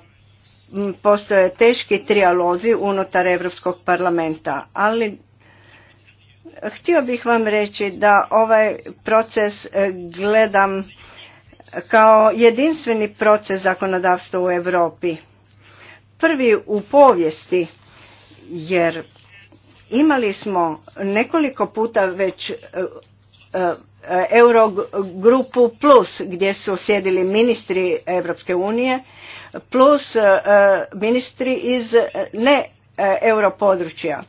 postoje teški trijalozi unutar Europskog parlamenta, ali Htio bih vam reći da ovaj proces e, gledam kao jedinstveni proces zakonodavstva u Europi. Prvi u povijesti, jer imali smo nekoliko puta već e, e, Eurogrupu plus gdje su sjedili ministri Europske unije plus ministri iz ne europodručja.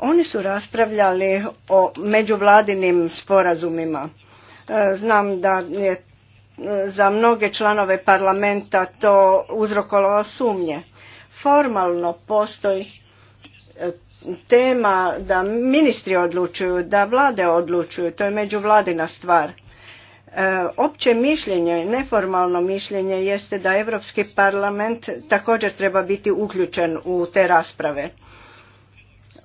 Oni su raspravljali o međuvladinim sporazumima. E, znam da je e, za mnoge članove parlamenta to uzrokovalo sumnje. Formalno postoji e, tema da ministri odlučuju, da vlade odlučuju, to je međuvladina stvar. Opće mišljenje, neformalno mišljenje jeste da Europski parlament također treba biti uključen u te rasprave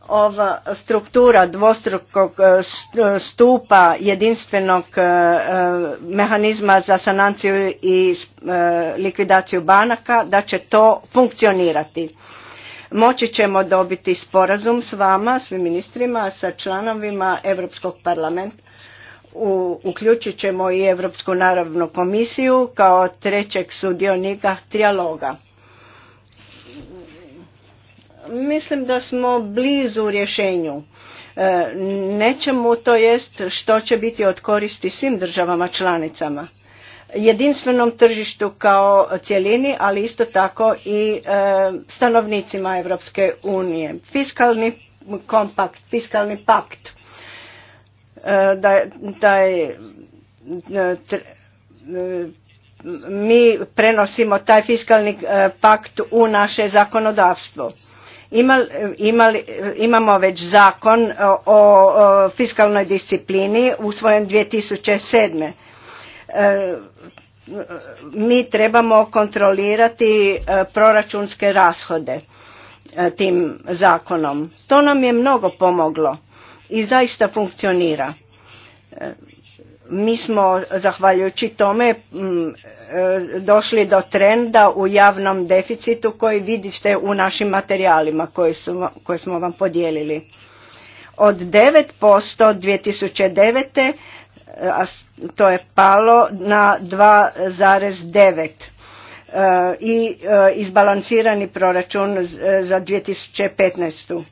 ova struktura dvostrukog e, e, stupa jedinstvenog e, mehanizma za sanaciju i likvidaciju banaka da će to funkcionirati. Moći ćemo dobiti sporazum s vama, svim ministrima, sa članovima Europskog parlamenta. Uključit ćemo i Europsku naravnu komisiju kao trećeg sudionika trijaloga Mislim da smo blizu rješenju. E, nečemu to jest što će biti od koristi svim državama članicama. Jedinstvenom tržištu kao cjelini, ali isto tako i e, stanovnicima Europske unije. Fiskalni kompakt, fiskalni pakt. E, da, da mi prenosimo taj fiskalni pakt u naše zakonodavstvo imamo već zakon e, o, fiskalnoj disciplini usvojen 2007. E, mi trebamo kontrolirati e, proračunske rashode tim zakonom. To nam je mnogo pomoglo i zaista funkcionira mi smo zahvaljujući tome mm, e, došli do trenda u javnom deficitu koji vidite u našim materijalima koje, smo vam podijelili. Od 9% 2009. E, to je palo na 2,9% e, i izbalansirani proračun za 2015.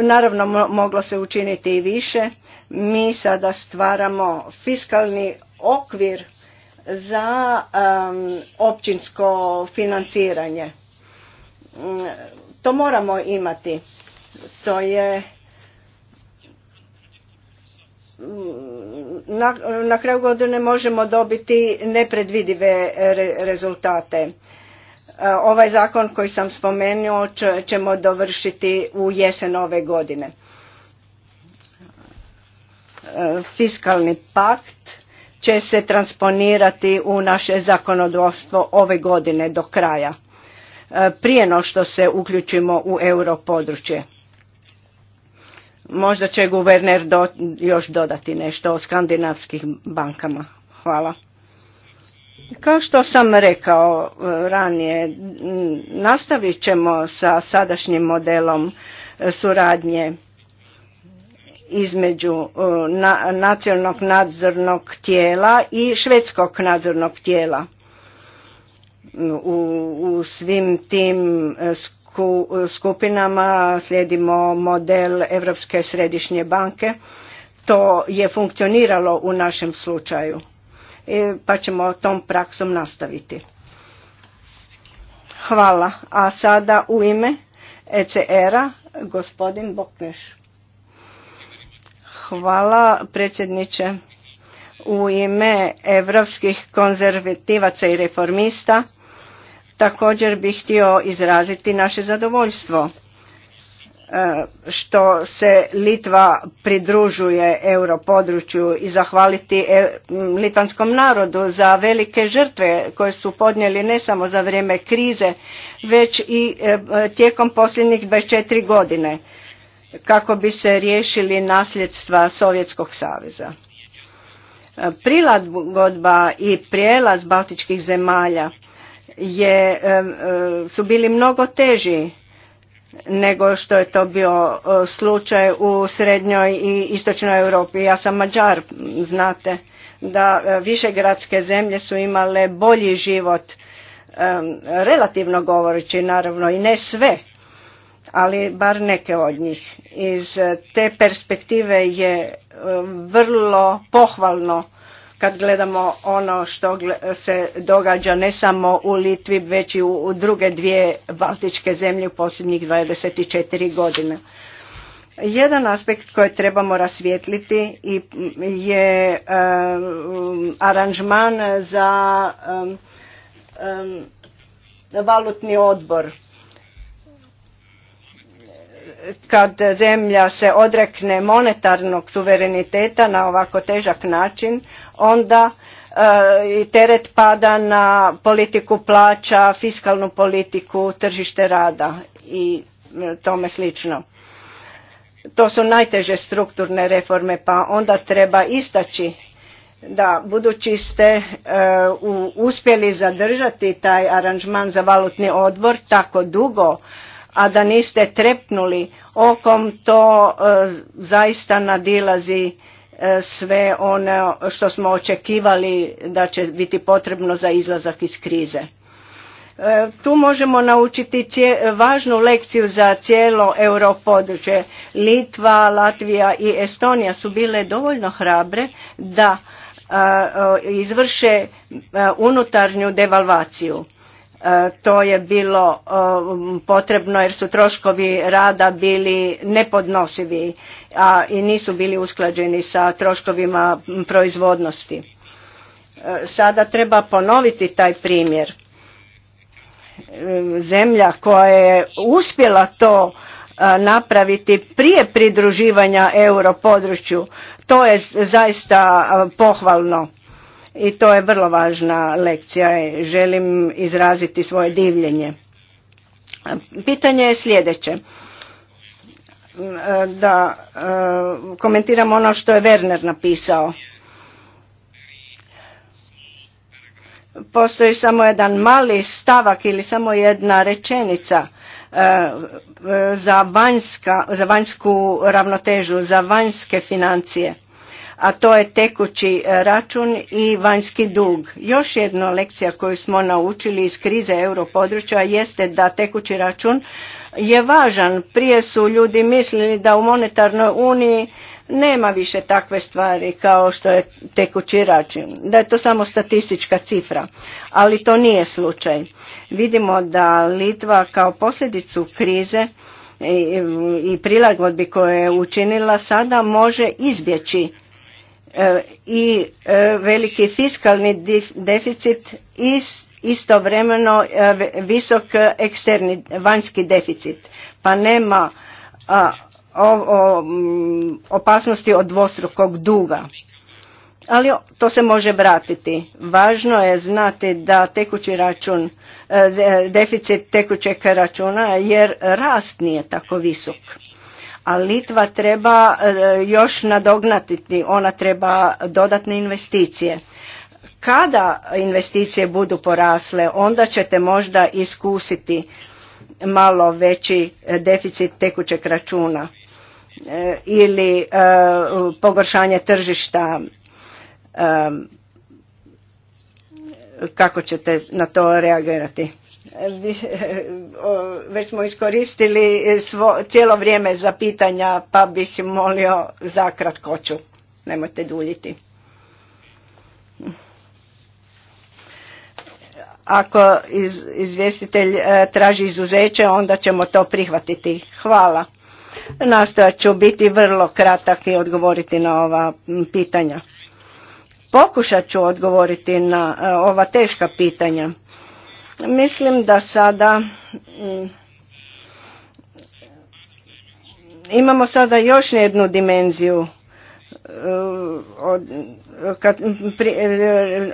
Naravno, moglo se učiniti i više. Mi sada stvaramo fiskalni okvir za općinsko financiranje. Mm, to moramo imati. To je mm, na, kraju godine možemo dobiti nepredvidive rezultate. E, ovaj zakon koji sam spomenuo ćemo dovršiti u jesen ove godine. E, fiskalni pakt će se transponirati u naše zakonodavstvo ove godine do kraja, e, prije no što se uključimo u europodručje. Možda će guverner još dodati nešto o skandinavskim bankama. Hvala. Kao što sam rekao e, ranije, nastavit ćemo sa sadašnjim modelom e, suradnje između e, nacionalnog nadzornog tijela i švedskog nadzornog tijela u, svim tim skupinama slijedimo model Europske središnje banke. To je funkcioniralo u našem slučaju. E, pa ćemo tom praksom nastaviti. Hvala. A sada u ime ECR-a gospodin Bokneš. Hvala predsjedniče. U ime evropskih konzervativaca i reformista također bih htio izraziti naše zadovoljstvo što se Litva pridružuje europodručju i zahvaliti e, litvanskom narodu za velike žrtve koje su podnijeli ne samo za vrijeme krize, već i e, tijekom posljednjih 24 godine kako bi se riješili nasljedstva Sovjetskog saveza. E, prilagodba i prijelaz baltičkih zemalja je, su bili mnogo teži nego što je to bio e, slučaj u srednjoj i istočnoj Europi. Ja sam Mađar, znate, da e, višegradske zemlje su imale bolji život, e, relativno govoreći naravno i ne sve, ali bar neke od njih. Iz te perspektive je vrlo pohvalno kad gledamo ono što se događa ne samo u Litvi već i u druge dvije baltičke zemlje u posljednjih 24 godine. Jedan aspekt koji trebamo rasvijetliti je eh, aranžman za eh, eh, valutni odbor. Kad zemlja se odrekne monetarnog suvereniteta na ovako težak način, onda eh, teret pada na politiku plaća, fiskalnu politiku, tržište rada i eh, tome slično. To su najteže strukturne reforme, pa onda treba istaći da budući ste eh, uspjeli zadržati taj aranžman za valutni odbor tako dugo, a da niste trepnuli okom, to zaista nadilazi E, sve ono što smo očekivali da će biti potrebno za izlazak iz krize. E, tu možemo naučiti važnu lekciju za cijelo europodručje. Litva, Latvija i Estonija su bile dovoljno hrabre da e, izvrše unutarnju devalvaciju. to je bilo potrebno jer su troškovi rada bili nepodnosivi a i nisu bili usklađeni sa troškovima proizvodnosti. E, sada treba ponoviti taj primjer. E, zemlja koja je uspjela to e, napraviti prije pridruživanja europodručju, to je zaista pohvalno i to je vrlo važna lekcija. Želim izraziti svoje divljenje. Pitanje je sljedeće da e, komentiram ono što je Werner napisao. Postoji samo jedan mali stavak ili samo jedna rečenica e, za, za vanjsku ravnotežu, za vanjske financije, a to je tekući e, račun i vanjski dug. Još jedna lekcija koju smo naučili iz krize europodručja jeste da tekući račun je važan. Prije su ljudi mislili da u monetarnoj uniji nema više takve stvari kao što je tekući račun, da je to samo statistička cifra, ali to nije slučaj. Vidimo da Litva kao posljedicu krize i prilagodbi koje je učinila sada može izbjeći e, i e, veliki fiskalni deficit iz istovremeno e, visok eksterni vanjski deficit pa nema o, mm, opasnosti od dvostrukog duga ali to se može vratiti važno je znati da tekući račun e, deficit tekućeg računa jer rast nije tako visok a Litva treba e, još nadognatiti ona treba dodatne investicije kada investicije budu porasle, onda ćete možda iskusiti malo veći deficit tekućeg računa e, ili e, pogoršanje tržišta e, kako ćete na to reagirati već smo iskoristili cijelo vrijeme za pitanja pa bih molio za kratkoću nemojte duljiti Ako izvjestitelj e, traži izuzeće, onda ćemo to prihvatiti. Hvala. Nastojat ću biti vrlo kratak i odgovoriti na ova pitanja. Pokušat ću odgovoriti na e, ova teška pitanja. Mislim da sada imamo sada još jednu dimenziju e, od,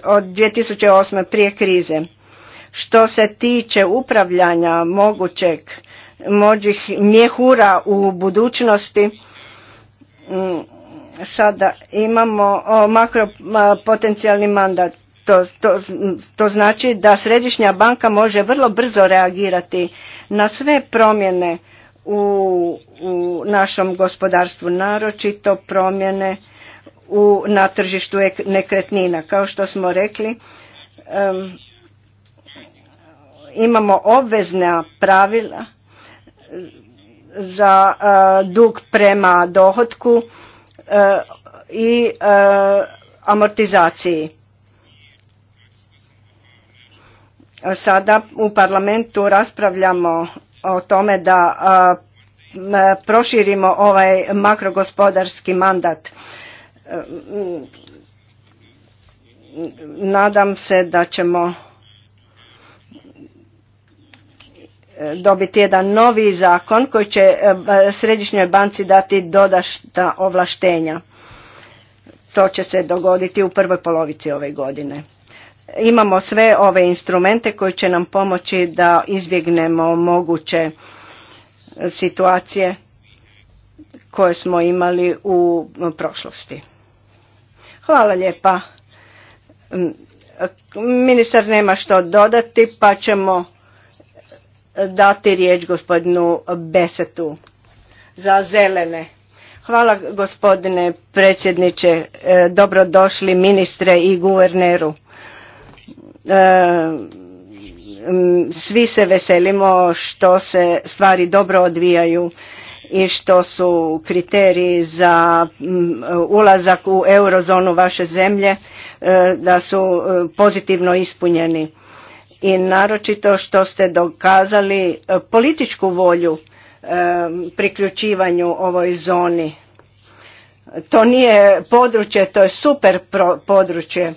od 2008. prije krize. Što se tiče upravljanja mogućeg mođih mjehura u budućnosti, mm, sada imamo makropotencijalni mandat. To, to, to znači da središnja banka može vrlo brzo reagirati na sve promjene u, u našem gospodarstvu, naročito promjene u, na tržištu nekretnina. Kao što smo rekli, imamo obvezna pravila za e, dug prema dohotku e, i e, amortizaciji. Sada u parlamentu raspravljamo o tome da proširimo ovaj makrogospodarski mandat. Nadam se da ćemo dobiti jedan novi zakon koji će e, središnjoj banci dati dodašta ovlaštenja. To će se dogoditi u prvoj polovici ove godine. Imamo sve ove instrumente koji će nam pomoći da izbjegnemo moguće situacije koje smo imali u prošlosti. Hvala lijepa. Mm, ministar nema što dodati pa ćemo dati riječ gospodinu Besetu za zelene. Hvala gospodine predsjedniče, e, dobrodošli ministre i guverneru. E, svi se veselimo što se stvari dobro odvijaju i što su kriteriji za ulazak u eurozonu vaše zemlje e, da su pozitivno ispunjeni i naročito što ste dokazali e, političku volju e, priključivanju ovoj zoni. To nije područje, to je super područje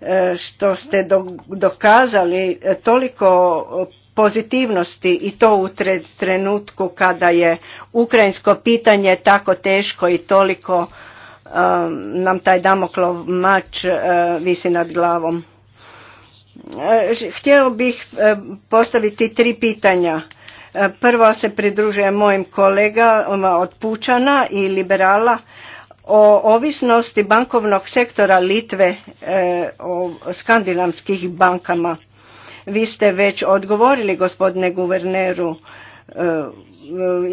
e, što ste dokazali toliko pozitivnosti i to u trenutku kada je ukrajinsko pitanje tako teško i toliko nam taj damoklov mač visi nad glavom. E, Htio bih e, postaviti tri pitanja. E, prvo se pridružujem mojim kolegama od Pučana i Liberala o ovisnosti bankovnog sektora Litve o skandinavskih bankama. Vi ste već odgovorili gospodine guverneru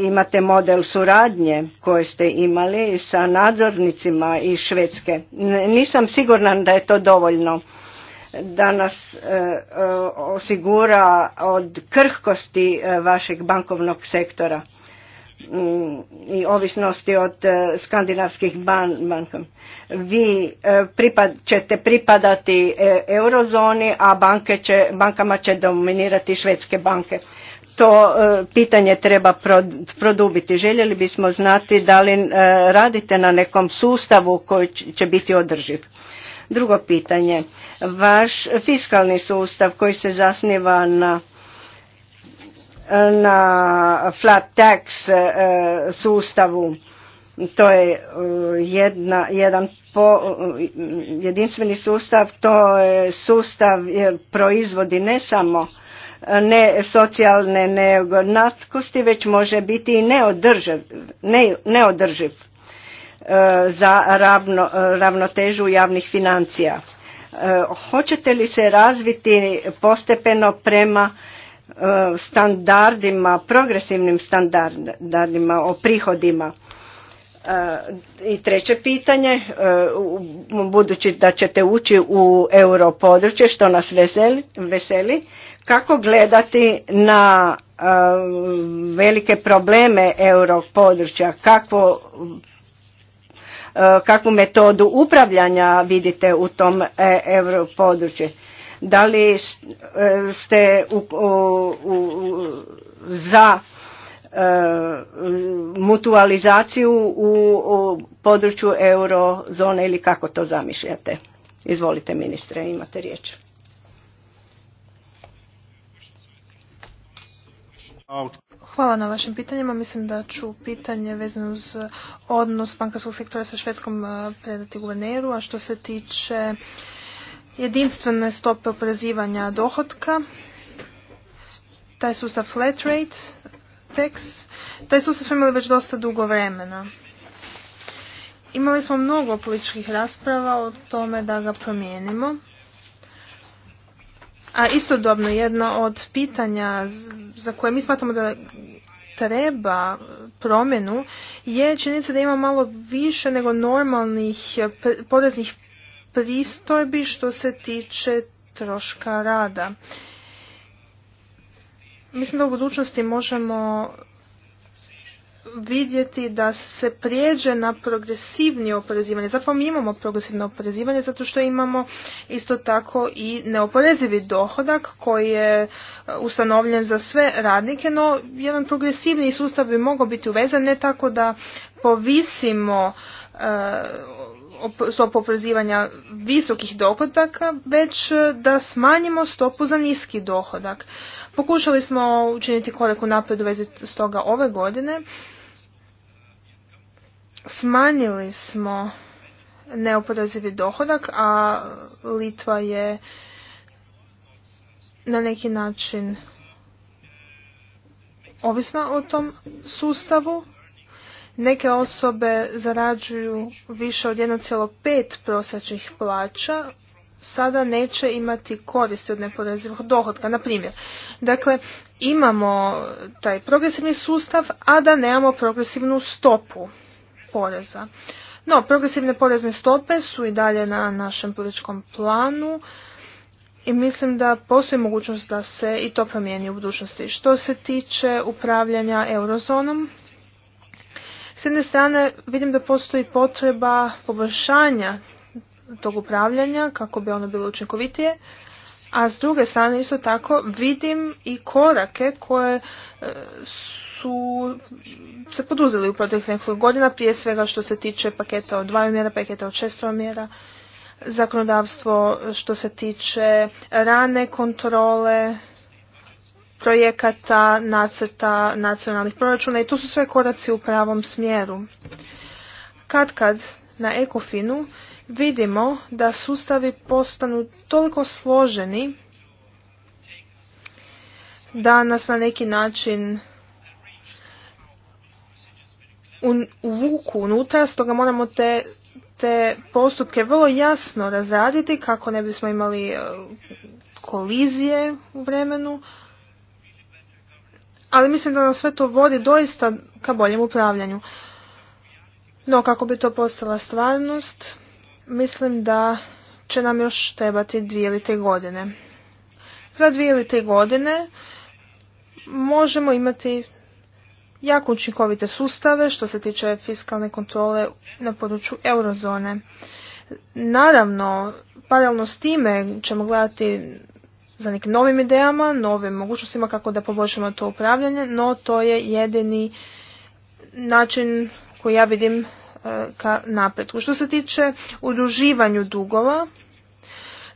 imate model suradnje koje ste imali sa nadzornicima iz Švedske. Nisam sigurna da je to dovoljno da nas e, e, osigura od krhkosti e, vašeg bankovnog sektora mm, i ovisnosti od skandinavskih banka. Vi ćete pripadati eurozoni, a banke bankama će dominirati švedske banke. To pitanje treba produbiti. Željeli bismo znati da li radite na nekom sustavu koji će biti održiv. Drugo pitanje, vaš fiskalni sustav koji se zasniva na na flat tax e, sustavu, to je e, jedan jedinstveni sustav, to je sustav proizvodi ne samo ne socijalne nejednakosti, već može biti i neodrživ. E, za e, ravnotežu javnih financija. E, hoćete li se razviti postepeno prema standardima, progresivnim standardima o prihodima? I treće pitanje, budući da ćete ući u europodručje, što nas veseli, kako gledati na velike probleme europodručja, Kako E, kakvu metodu upravljanja vidite u tom e, euro području. Da li e, ste za mutualizaciju u području eurozone ili kako to zamišljate? Izvolite ministre, imate riječ. Hvala na vašim pitanjima. Mislim da ću pitanje vezano uz odnos bankarskog sektora sa Švedskom eh, predati guverneru, a što se tiče jedinstvene stope oporezivanja dohotka, taj sustav flat rate, tax, taj sustav smo imali već dosta dugo vremena. Imali smo mnogo političkih rasprava o tome da ga promijenimo. A istodobno jedno od pitanja za koje mi smatramo da treba promjenu je činjenica da ima malo više nego normalnih poreznih pristojbi što se tiče troška rada. Mislim da u budućnosti možemo vidjeti da se prijeđe na progresivnije oporezivanje. Zapravo mi imamo progresivno oporezivanje zato što imamo isto tako i neoporezivi dohodak koji je e, ustanovljen za sve radnike, no jedan progresivni sustav bi mogao biti uvezan ne tako da povisimo e, stopu oporezivanja visokih dohodaka, već e, da smanjimo stopu za niski dohodak. Pokušali smo učiniti korak u u vezi s toga ove godine, smanjili smo neoporezivi dohodak, a Litva je na neki način ovisna o tom sustavu. Neke osobe zarađuju više od 1,5 prosječnih plaća, sada neće imati koristi od neporezivog dohodka, na primjer. Dakle, imamo taj progresivni sustav, a da nemamo progresivnu stopu poreza. No, progresivne porezne stope su i dalje na našem političkom planu i mislim da postoji mogućnost da se i to promijeni u budućnosti. Što se tiče upravljanja eurozonom, s jedne strane vidim da postoji potreba poboljšanja tog upravljanja kako bi ono bilo učinkovitije, a s druge strane isto tako vidim i korake koje su e, su se poduzeli u proteklih nekoliko godina, prije svega što se tiče paketa od dva mjera, paketa od šesto mjera, zakonodavstvo što se tiče rane kontrole, projekata, nacrta nacionalnih proračuna i to su sve koraci u pravom smjeru. Kad kad na ekofinu vidimo da sustavi postanu toliko složeni da nas na neki način uvuku unutra, stoga moramo te, te postupke vrlo jasno razraditi kako ne bismo imali e, kolizije u vremenu. Ali mislim da nas sve to vodi doista ka boljem upravljanju. No, kako bi to postala stvarnost, mislim da će nam još trebati dvije ili tri godine. Za dvije ili tri godine možemo imati jako učinkovite sustave što se tiče fiskalne kontrole na području eurozone. Naravno, paralelno s time ćemo gledati za nekim novim idejama, novim mogućnostima kako da poboljšamo to upravljanje, no to je jedini način koji ja vidim e, ka napretku. Što se tiče udruživanju dugova,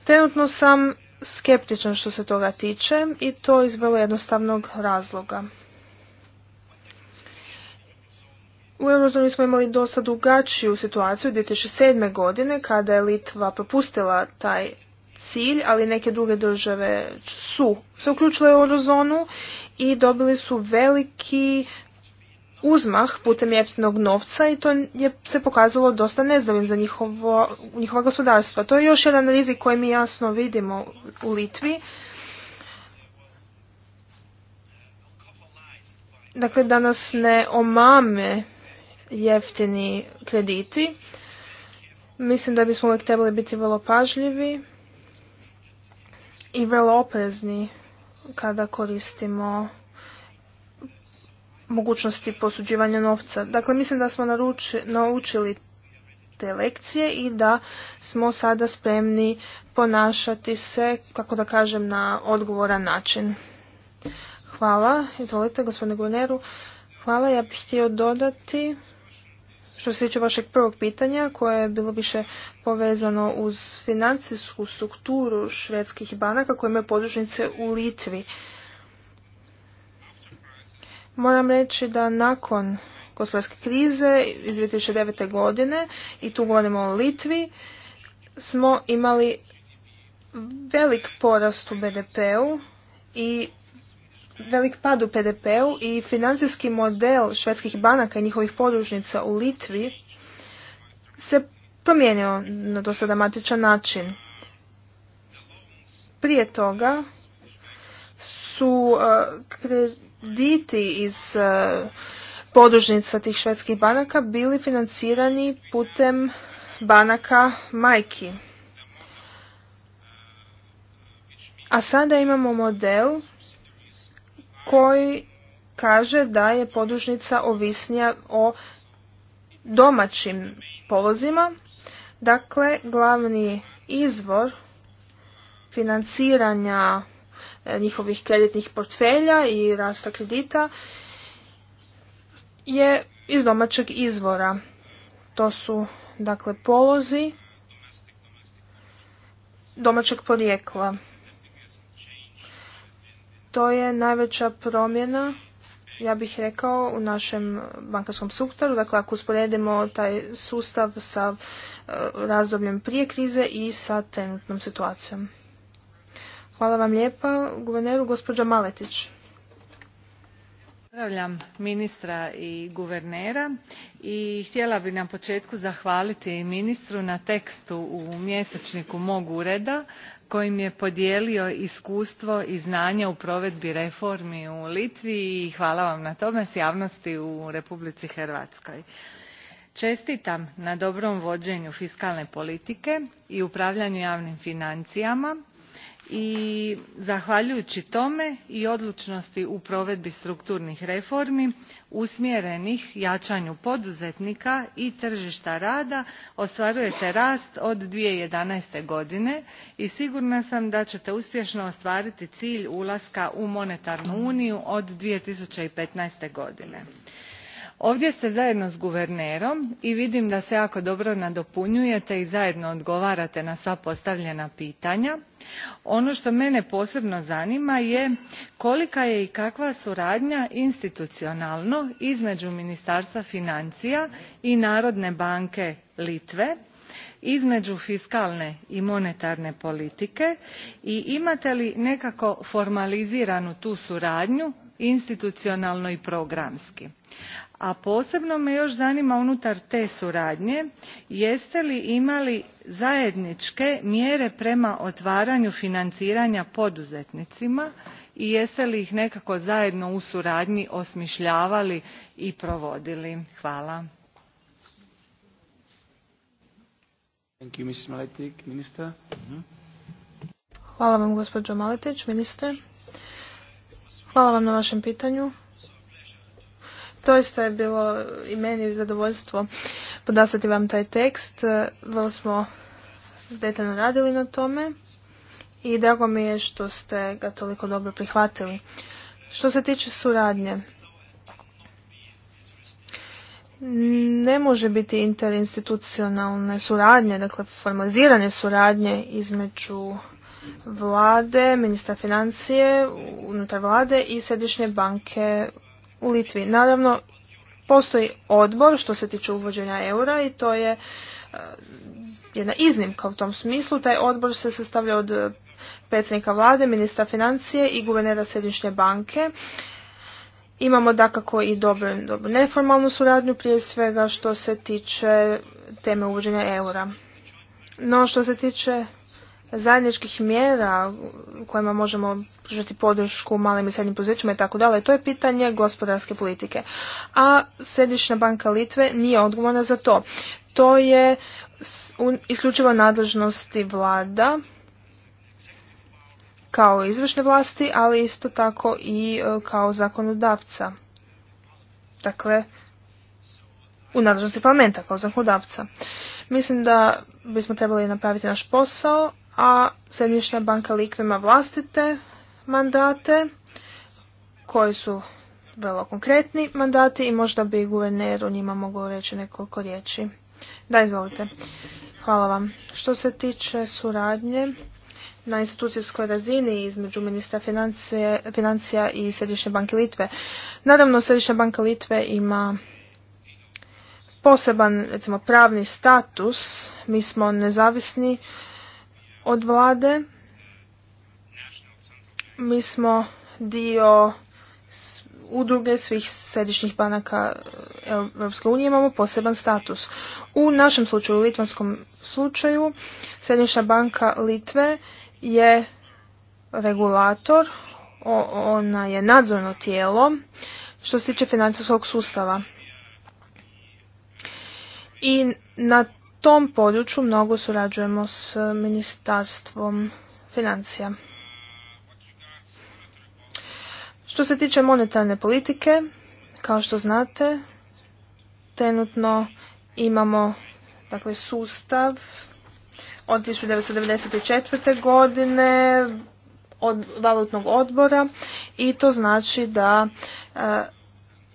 trenutno sam skeptičan što se toga tiče i to iz vrlo jednostavnog razloga. U Eurozoni smo imali dosta drugačiju situaciju 2007. godine kada je Litva propustila taj cilj, ali neke druge države su se uključile u Eurozonu i dobili su veliki uzmah putem jeftinog novca i to je se pokazalo dosta nezdravim za njihovo, njihova gospodarstva. To je još jedan rizik koji mi jasno vidimo u Litvi. Dakle, da nas ne omame jeftini krediti. Mislim da bismo uvijek trebali biti vrlo pažljivi i vrlo oprezni kada koristimo mogućnosti posuđivanja novca. Dakle, mislim da smo naučili te lekcije i da smo sada spremni ponašati se, kako da kažem, na odgovoran način. Hvala. Izvolite, gospodine Gurneru. Hvala. Ja bih htio dodati što se tiče vašeg prvog pitanja, koje je bilo više povezano uz financijsku strukturu švedskih banaka koje imaju podružnice u Litvi. Moram reći da nakon gospodarske krize iz 2009. godine, i tu govorimo o Litvi, smo imali velik porast u BDP-u i velik pad u PDP-u i financijski model švedskih banaka i njihovih podružnica u Litvi se promijenio na dosta dramatičan način. Prije toga su e, krediti iz e, podružnica tih švedskih banaka bili financirani putem banaka majki. A sada imamo model koji kaže da je podružnica ovisnija o domaćim polozima. Dakle, glavni izvor financiranja e, njihovih kreditnih portfelja i rasta kredita je iz domaćeg izvora. To su dakle polozi domaćeg porijekla. To je najveća promjena, ja bih rekao, u našem bankarskom sektoru. Dakle, ako usporedimo taj sustav sa e, razdobljem prije krize i sa trenutnom situacijom. Hvala vam lijepa, guverneru, gospođa Maletić. Pozdravljam ministra i guvernera i htjela bih na početku zahvaliti ministru na tekstu u mjesečniku mog ureda kojim je podijelio iskustvo i znanje u provedbi reformi u Litvi i hvala vam na tome s javnosti u Republici Hrvatskoj. Čestitam na dobrom vođenju fiskalne politike i upravljanju javnim financijama i zahvaljujući tome i odlučnosti u provedbi strukturnih reformi usmjerenih jačanju poduzetnika i tržišta rada ostvaruje se rast od. two thousand and godine i sigurna sam da ćete uspješno ostvariti cilj ulaska u monetarnu uniju od. two thousand and fifteen godine ovdje ste zajedno s guvernerom i vidim da se jako dobro nadopunjujete i zajedno odgovarate na sva postavljena pitanja. ono što mene posebno zanima je kolika je i kakva suradnja institucionalno između ministarstva financija i narodne banke litve između fiskalne i monetarne politike i imate li nekako formaliziranu tu suradnju institucionalno i programski? a posebno me još zanima unutar te suradnje jeste li imali zajedničke mjere prema otvaranju financiranja poduzetnicima i jeste li ih nekako zajedno u suradnji osmišljavali i provodili? hvala. Hvala vam gospođo Maletić, ministre. Hvala vam na vašem pitanju doista je bilo i meni zadovoljstvo podastati vam taj tekst. Vrlo smo detaljno radili na tome i drago mi je što ste ga toliko dobro prihvatili. Što se tiče suradnje, ne može biti interinstitucionalne suradnje, dakle formalizirane suradnje između vlade, ministra financije, unutar vlade i središnje banke u Litvi. Naravno, postoji odbor što se tiče uvođenja eura i to je e, jedna iznimka u tom smislu. Taj odbor se sastavlja od e, predsjednika vlade, ministra financije i guvernera središnje banke. Imamo dakako i dobru dobro neformalnu suradnju prije svega što se tiče teme uvođenja eura. No što se tiče zajedničkih mjera kojima možemo pružati podršku malim i srednjim poduzećima i tako dalje. To je pitanje gospodarske politike. A Središnja banka Litve nije odgovorna za to. To je isključivo nadležnosti vlada kao izvršne vlasti, ali isto tako i e, kao zakonodavca. Dakle, u nadležnosti parlamenta kao zakonodavca. Mislim da bismo trebali napraviti naš posao, a Središnja banka Likve ima vlastite mandate koji su vrlo konkretni mandati i možda bi guverner o njima mogao reći nekoliko riječi. Da, izvolite. Hvala vam. Što se tiče suradnje na institucijskoj razini između ministra financija i Središnje banke Litve. Naravno, Središnja banka Litve ima poseban, recimo, pravni status. Mi smo nezavisni od vlade. Mi smo dio udruge svih središnjih banaka eh, Europske unije imamo poseban status. U našem slučaju, u litvanskom slučaju, Središnja banka Litve je regulator, ona je nadzorno tijelo što se tiče financijskog sustava. I na tom području mnogo surađujemo s Ministarstvom financija. Što se tiče monetarne politike, kao što znate, trenutno imamo dakle, sustav od 1994. godine od valutnog odbora i to znači da e,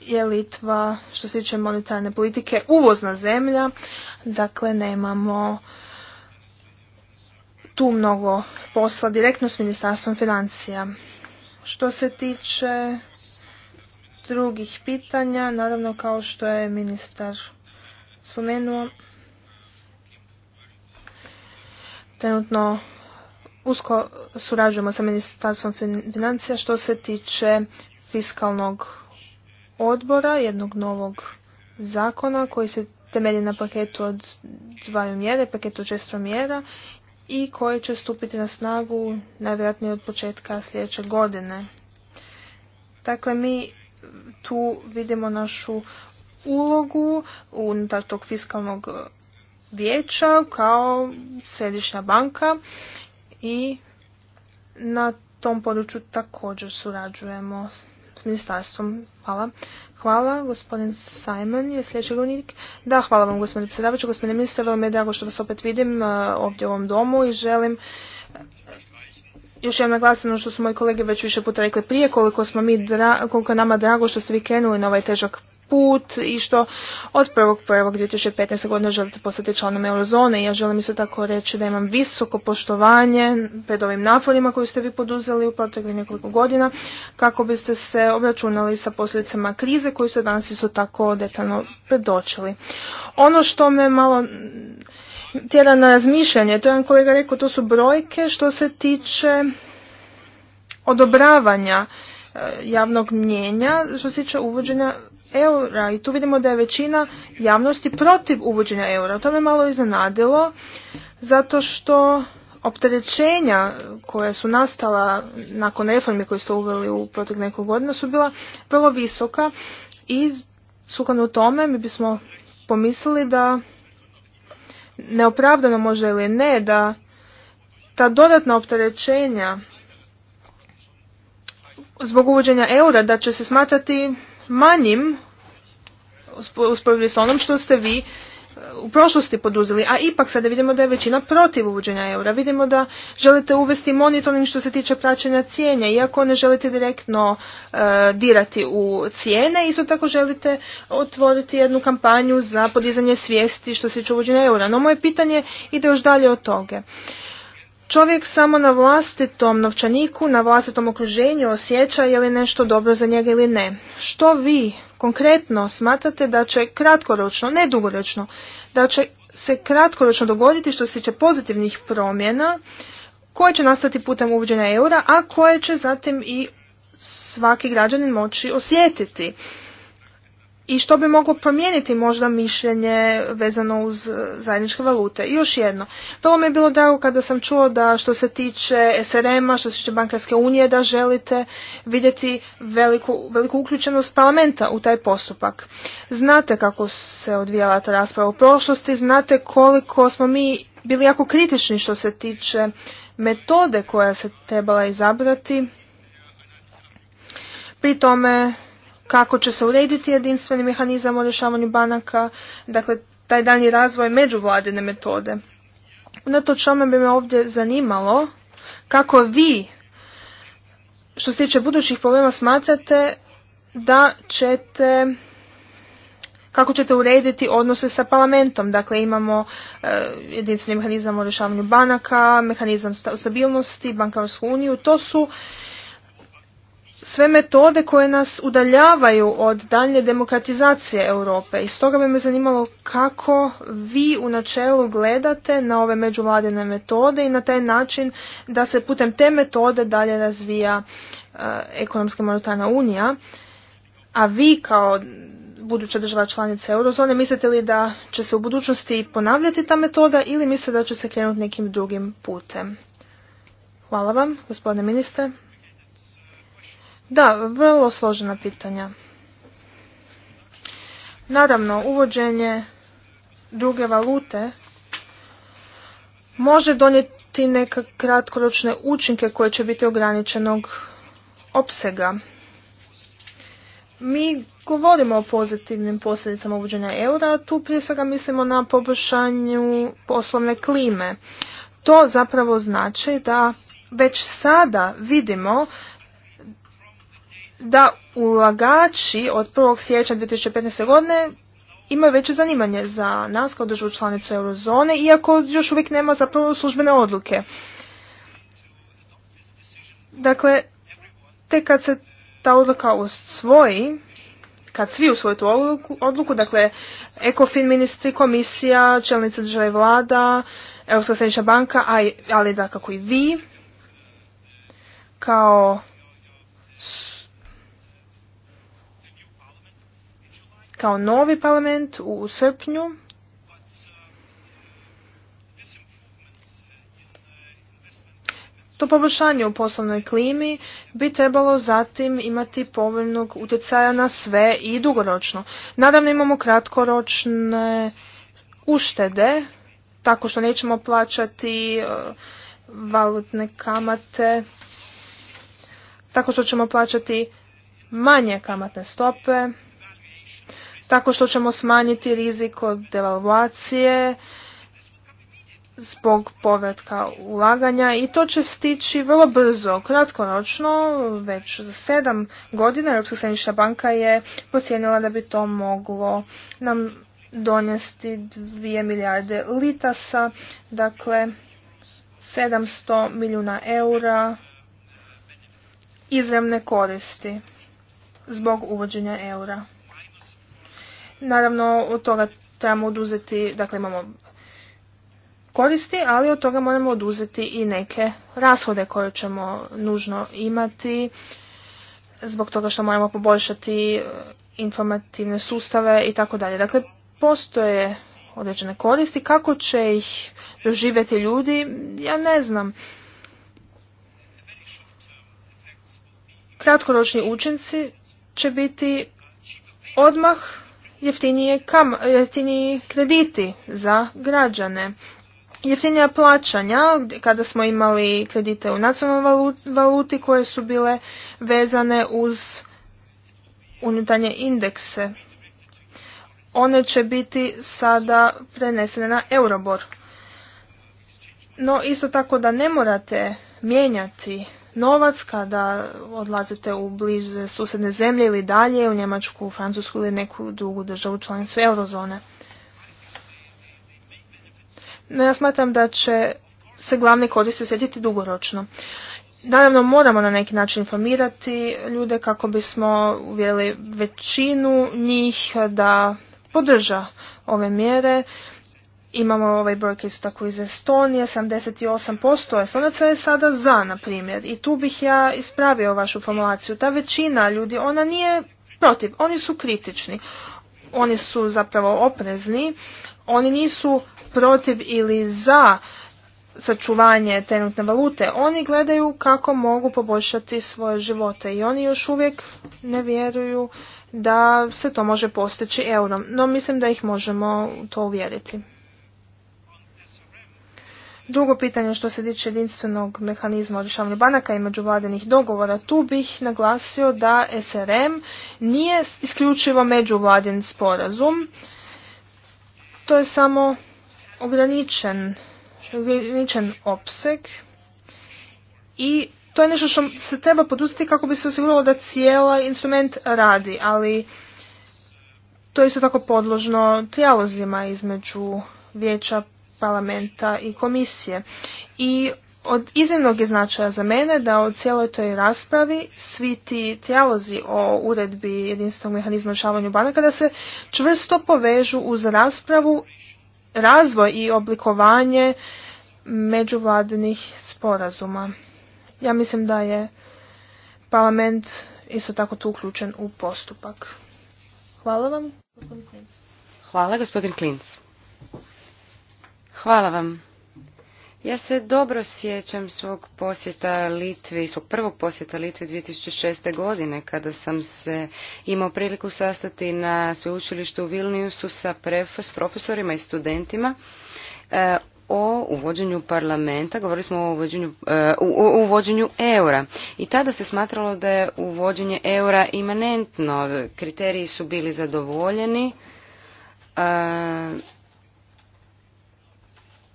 je Litva što se tiče monetarne politike uvozna zemlja, dakle nemamo tu mnogo posla direktno s Ministarstvom financija. Što se tiče drugih pitanja, naravno kao što je ministar spomenuo, trenutno usko surađujemo sa Ministarstvom financija što se tiče fiskalnog odbora, jednog novog zakona koji se temelji na paketu od dvaju mjere, paketu često mjera i koji će stupiti na snagu najvjerojatnije od početka sljedeće godine. Dakle, mi tu vidimo našu ulogu unutar tog fiskalnog vijeća kao središnja banka i na tom području također surađujemo s ministarstvom. Hvala. Hvala, gospodin Simon je sljedeći Da, hvala vam gospodine predsjedavajući, gospodine ministre, vrlo mi je drago što vas opet vidim uh, ovdje u ovom domu i želim uh, još jednom naglasiti ono što su moji kolege već više puta rekli prije, koliko, smo mi dra koliko je nama drago što ste vi krenuli na ovaj težak put i što od 2015. godine želite postati članom eurozone. Ja želim isto tako reći da imam visoko poštovanje pred ovim naporima koji ste vi poduzeli u proteklih nekoliko godina kako biste se obračunali sa posljedicama krize koju ste danas isto tako detaljno predočili. Ono što me malo tjera na razmišljanje, to je jedan kolega rekao, to su brojke što se tiče odobravanja e, javnog mnjenja što se tiče uvođenja eura i tu vidimo da je većina javnosti protiv uvođenja eura. To me malo iznenadilo zato što opterećenja koja su nastala nakon reformi koje su uveli u proteklih nekog godina su bila vrlo visoka i sukladno tome mi bismo pomislili da neopravdano možda ili ne da ta dodatna opterećenja zbog uvođenja eura da će se smatrati manjim usporedili s onom što ste vi e, u prošlosti poduzeli, a ipak sada vidimo da je većina protiv uvođenja eura. Vidimo da želite uvesti monitoring što se tiče praćenja cijenja. iako ne želite direktno e, dirati u cijene, isto tako želite otvoriti jednu kampanju za podizanje svijesti što se tiče uvođenja eura. No moje pitanje ide još dalje od toga čovjek samo na vlastitom novčaniku, na vlastitom okruženju osjeća je li nešto dobro za njega ili ne. Što vi konkretno smatrate da će kratkoročno, ne dugoročno, da će se kratkoročno dogoditi što se tiče pozitivnih promjena koje će nastati putem uvođenja eura, a koje će zatim i svaki građanin moći osjetiti i što bi moglo promijeniti možda mišljenje vezano uz e, zajedničke valute. I još jedno, vrlo mi je bilo drago kada sam čuo da što se tiče SRM-a, što se tiče bankarske unije, da želite vidjeti veliku, veliku uključenost parlamenta u taj postupak. Znate kako se odvijala ta rasprava u prošlosti, znate koliko smo mi bili jako kritični što se tiče metode koja se trebala izabrati. Pri tome kako će se urediti jedinstveni mehanizam o rješavanju banaka, dakle taj dalji razvoj međuvladine metode. to čome bi me ovdje zanimalo kako vi, što se tiče budućih problema, smatrate da ćete kako ćete urediti odnose sa parlamentom. Dakle, imamo eh, jedinstveni mehanizam o rješavanju banaka, mehanizam stabilnosti, bankarsku uniju. To su sve metode koje nas udaljavaju od daljnje demokratizacije Europe. I stoga bi me zanimalo kako vi u načelu gledate na ove međuvladine metode i na taj način da se putem te metode dalje razvija e, ekonomska monetarna unija. A vi kao buduća država članica eurozone, mislite li da će se u budućnosti ponavljati ta metoda ili mislite da će se krenuti nekim drugim putem? Hvala vam, gospodine ministre. Da, vrlo složena pitanja. Naravno, uvođenje druge valute može donijeti neke kratkoročne učinke koje će biti ograničenog opsega. Mi govorimo o pozitivnim posljedicama uvođenja eura, tu prije svega mislimo na poboljšanju poslovne klime. To zapravo znači da već sada vidimo da ulagači od 1. sjeća 2015. godine imaju veće zanimanje za nas kao državu članicu eurozone, iako još uvijek nema zapravo službene odluke. Dakle, te kad se ta odluka usvoji, kad svi usvoju tu odluku, dakle, ECOFIN ministri, komisija, čelnice države i vlada, Europska središnja banka, ali da kako i vi, kao kao novi parlament u srpnju To poboljšanje u poslovnoj klimi bi trebalo zatim imati povoljnog utjecaja na sve i dugoročno. Naravno imamo kratkoročne uštede, tako što nećemo plaćati e, valutne kamate, tako što ćemo plaćati manje kamatne stope, tako što ćemo smanjiti rizik od devalvacije zbog povratka ulaganja i to će stići vrlo brzo, kratkoročno, već za sedam godina Europska središnja banka je procijenila da bi to moglo nam donesti 2 milijarde litasa, dakle 700 milijuna eura izravne koristi zbog uvođenja eura. Naravno, od toga trebamo oduzeti, dakle imamo koristi, ali od toga moramo oduzeti i neke rashode koje ćemo nužno imati zbog toga što moramo poboljšati e, informativne sustave i tako dalje. Dakle, postoje određene koristi. Kako će ih doživjeti ljudi, ja ne znam. Kratkoročni učinci će biti odmah kam, jeftiniji krediti za građane. Jeftinija plaćanja, kada smo imali kredite u nacionalnoj valuti koje su bile vezane uz unutarnje indekse. One će biti sada prenesene na Eurobor. No isto tako da ne morate mijenjati novac kada odlazite u bliže susjedne zemlje ili dalje u Njemačku, u Francusku ili neku drugu državu članicu eurozone. No, ja smatram da će se glavni koristi osjetiti dugoročno. Naravno moramo na neki način informirati ljude kako bismo uvjerili većinu njih da podrža ove mjere Imamo ovaj brojke su tako iz Estonije, 78% Estonaca je sada za, na primjer. I tu bih ja ispravio vašu formulaciju. Ta većina ljudi, ona nije protiv, oni su kritični. Oni su zapravo oprezni, oni nisu protiv ili za sačuvanje trenutne valute. Oni gledaju kako mogu poboljšati svoje živote i oni još uvijek ne vjeruju da se to može postići eurom. No mislim da ih možemo to uvjeriti. Drugo pitanje što se tiče jedinstvenog mehanizma rješavanja banaka i međuvladinih dogovora, tu bih naglasio da SRM nije isključivo međuvladin sporazum. To je samo ograničen, ograničen opseg i to je nešto što se treba poduzeti kako bi se osiguralo da cijela instrument radi, ali to je isto tako podložno trijalozima između vijeća parlamenta i komisije. I od iznimnog je značaja za mene da u cijeloj toj raspravi svi ti trijalozi o uredbi jedinstvenog mehanizma rješavanju banaka da se čvrsto povežu uz raspravu razvoj i oblikovanje međuvladinih sporazuma. Ja mislim da je parlament isto tako tu uključen u postupak. Hvala vam. Hvala gospodin Klinc. Hvala vam. Ja se dobro sjećam svog posjeta Litvi, svog prvog posjeta Litvi 2006. godine, kada sam se imao priliku sastati na sveučilištu u Vilniusu sa profesorima i studentima e, o uvođenju parlamenta, govorili smo o uvođenju, e, uvođenju eura. I tada se smatralo da je uvođenje eura imanentno, kriteriji su bili zadovoljeni, e,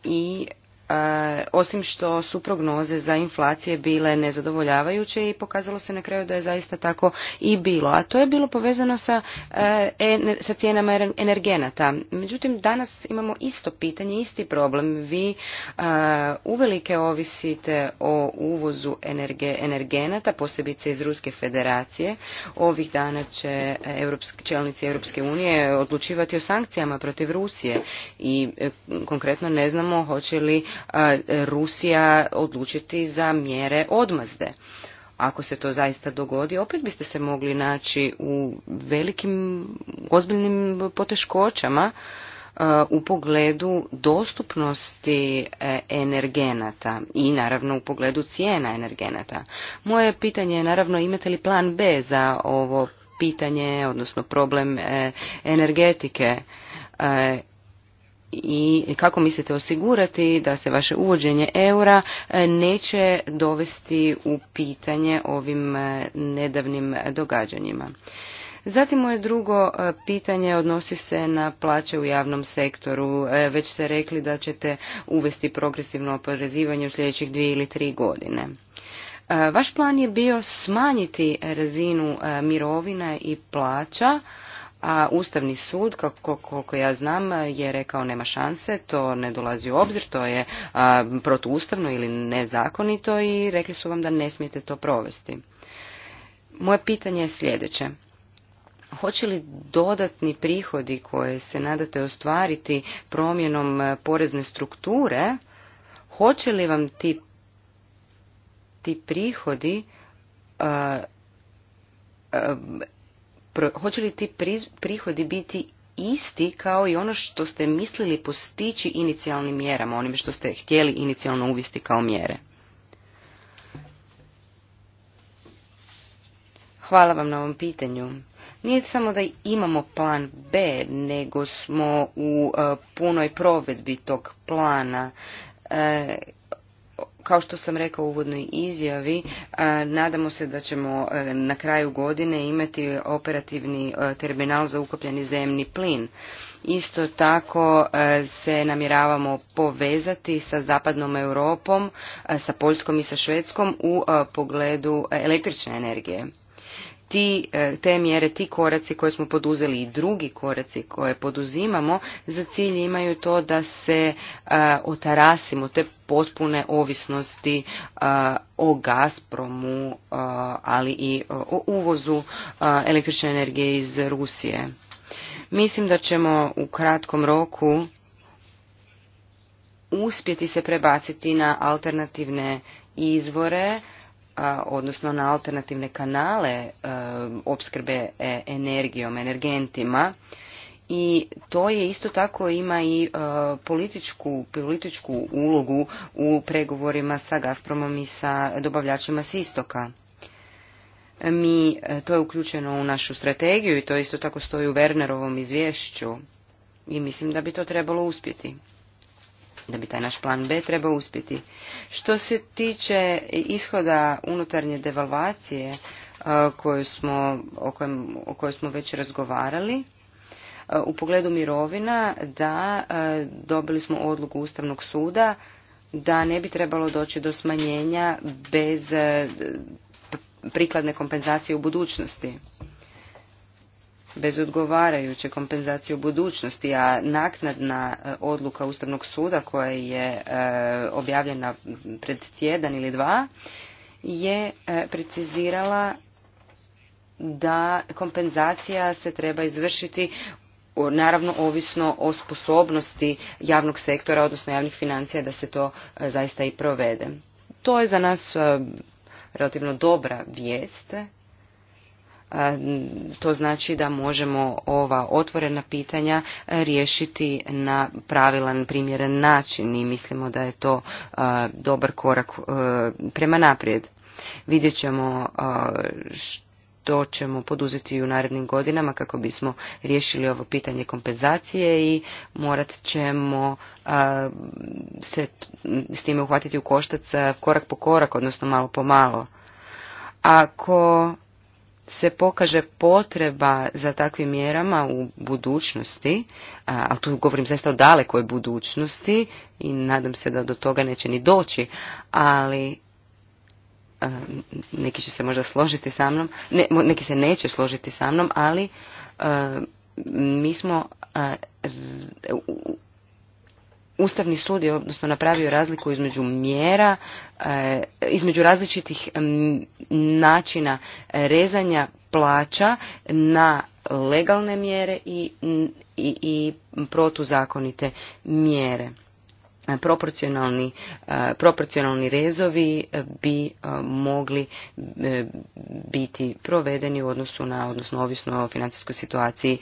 i E, osim što su prognoze za inflacije bile nezadovoljavajuće i pokazalo se na kraju da je zaista tako i bilo. A to je bilo povezano sa, e, sa cijenama er, energenata. Međutim, danas imamo isto pitanje, isti problem. Vi e, uvelike ovisite o uvozu energe, energenata, posebice iz Ruske federacije. Ovih dana će čelnici Europske unije odlučivati o sankcijama protiv Rusije i konkretno ne znamo hoće li Rusija odlučiti za mjere odmazde. Ako se to zaista dogodi, opet biste se mogli naći u velikim ozbiljnim poteškoćama u pogledu dostupnosti e, energenata i naravno u pogledu cijena energenata. Moje pitanje je naravno imate li plan B za ovo pitanje, odnosno problem e, energetike e, i kako mislite osigurati da se vaše uvođenje eura e, neće dovesti u pitanje ovim e, nedavnim događanjima. Zatim moje drugo e, pitanje odnosi se na plaće u javnom sektoru. Već ste rekli da ćete uvesti progresivno oporezivanje u sljedećih dvije ili tri godine. Vaš plan je bio smanjiti razinu mirovina i plaća a Ustavni sud, koliko ja znam, je rekao nema šanse, to ne dolazi u obzir, to je protuustavno ili nezakonito i rekli su vam da ne smijete to provesti. Moje pitanje je sljedeće. Hoće li dodatni prihodi koje se nadate ostvariti promjenom e, porezne strukture, hoće li vam ti, ti prihodi e, e, hoće li ti prihodi biti isti kao i ono što ste mislili postići inicijalnim mjerama, onim što ste htjeli inicijalno uvesti kao mjere? Hvala vam na ovom pitanju. Nije samo da imamo plan B, nego smo u e, punoj provedbi tog plana. E, kao što sam rekao u uvodnoj izjavi, e, nadamo se da ćemo e, na kraju godine imati operativni e, terminal za ukopljeni zemni plin. Isto tako se namjeravamo povezati sa zapadnom Europom, sa Poljskom i sa Švedskom u pogledu električne energije ti, e, te mjere, ti koraci koje smo poduzeli i drugi koraci koje poduzimamo za cilj imaju to da se e, otarasimo te potpune ovisnosti e, o Gazpromu, ali i o uvozu električne energije iz Rusije. Mislim da ćemo u kratkom roku uspjeti se prebaciti na alternativne izvore odnosno na alternativne kanale e, opskrbe e, energijom, energentima i to je isto tako ima i e, političku, političku ulogu u pregovorima sa Gazpromom i sa dobavljačima s istoka. Mi, to je uključeno u našu strategiju i to isto tako stoji u Wernerovom izvješću i mislim da bi to trebalo uspjeti da bi taj naš plan B trebao uspjeti. Što se tiče ishoda unutarnje devalvacije e, koju smo, o, o kojoj smo već razgovarali, e, u pogledu mirovina, da e, dobili smo odluku Ustavnog suda da ne bi trebalo doći do smanjenja bez prikladne kompenzacije u budućnosti bez odgovarajuće kompenzacije u budućnosti, a naknadna e, odluka Ustavnog suda koja je e, objavljena pred tjedan ili dva je e, precizirala da kompenzacija se treba izvršiti naravno ovisno o sposobnosti javnog sektora, odnosno javnih financija da se to zaista i provede. To je za nas relativno dobra vijest to znači da možemo ova otvorena pitanja riješiti na pravilan, primjeren način i mislimo da je to dobar korak e, prema naprijed. Vidjet ćemo što ćemo poduzeti u narednim godinama kako bismo riješili ovo pitanje kompenzacije i morat ćemo se s time uhvatiti u koštac korak po korak, odnosno malo po malo. Ako se pokaže potreba za takvim mjerama u budućnosti, ali tu govorim zaista o dalekoj budućnosti i nadam se da do toga neće ni doći, ali neki će se možda složiti sa mnom, neki se neće složiti sa mnom, ali mi smo Ustavni sud je odnosno napravio razliku između mjera, e, između različitih načina rezanja plaća na legalne mjere i, i protuzakonite mjere proporcionalni, proporcionalni rezovi bi mogli e, biti provedeni u odnosu na, odnosno ovisno o financijskoj situaciji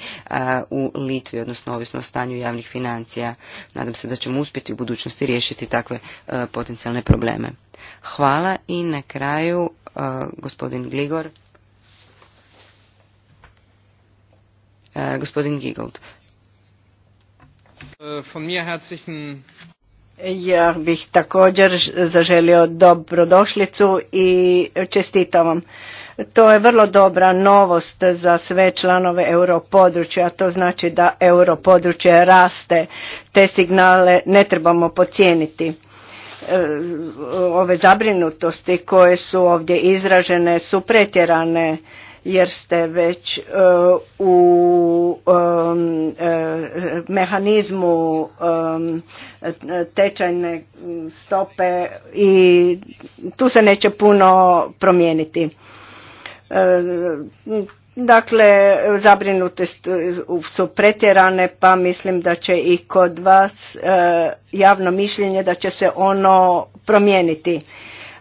u Litvi, odnosno ovisno o stanju javnih financija. Nadam se da ćemo uspjeti u budućnosti riješiti takve e, potencijalne probleme. Hvala i na kraju e, gospodin Gligor. Gospodin Gigold. Von mir herzlichen ja bih također zaželio dobrodošlicu i čestitam vam. To je vrlo dobra novost za sve članove europodručja, to znači da europodručje raste, te signale ne trebamo pocijeniti. E, ove zabrinutosti koje su ovdje izražene su pretjerane jer ste već e, u e, e, mehanizmu tečajne stope i tu se neće puno promijeniti. Dakle, zabrinute su pretjerane, pa mislim da će i kod vas javno mišljenje da će se ono promijeniti.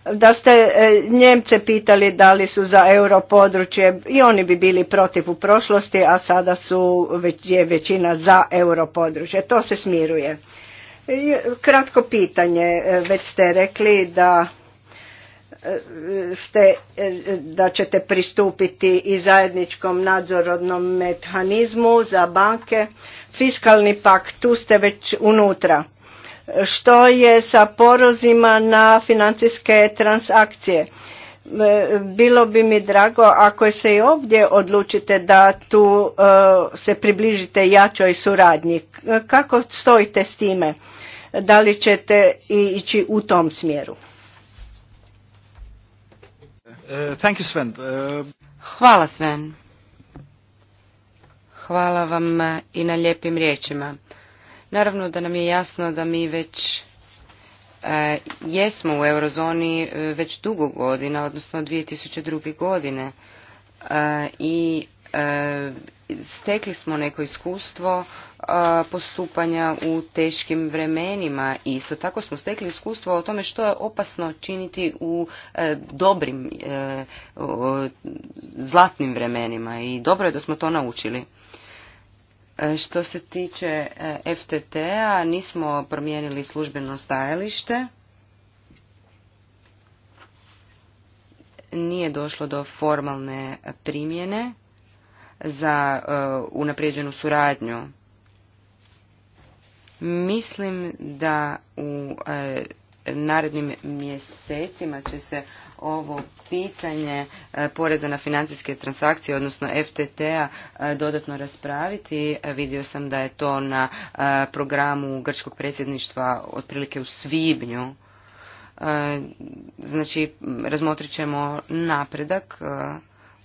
Da ste e, Njemce pitali da li su za euro područje i oni bi bili protiv u prošlosti, a sada su, je većina za euro područje. To se smiruje. E, kratko pitanje, e, već ste rekli da ste, da ćete pristupiti i zajedničkom nadzorodnom mehanizmu za banke. Fiskalni pakt tu ste već unutra. Što je sa porozima na financijske transakcije? E, bilo bi mi drago ako se i ovdje odlučite da tu e, se približite jačoj suradnji. E, kako stojite s time? Da li ćete ići u tom smjeru? Hvala Sven. Hvala vam i na lijepim riječima. Naravno da nam je jasno da mi već e, jesmo u eurozoni e, već dugo godina, odnosno od 2002. godine e, i stekli smo neko iskustvo postupanja u teškim vremenima i isto tako smo stekli iskustvo o tome što je opasno činiti u dobrim zlatnim vremenima i dobro je da smo to naučili. Što se tiče e, FTT-a, nismo promijenili službeno stajalište. Nije došlo do formalne primjene za e, unaprijeđenu suradnju. Mislim da u e, narednim mjesecima će se ovo pitanje e, poreza na financijske transakcije, odnosno FTT-a, e, dodatno raspraviti. E, vidio sam da je to na programu Grčkog predsjedništva otprilike u svibnju. Znači, razmotrit ćemo napredak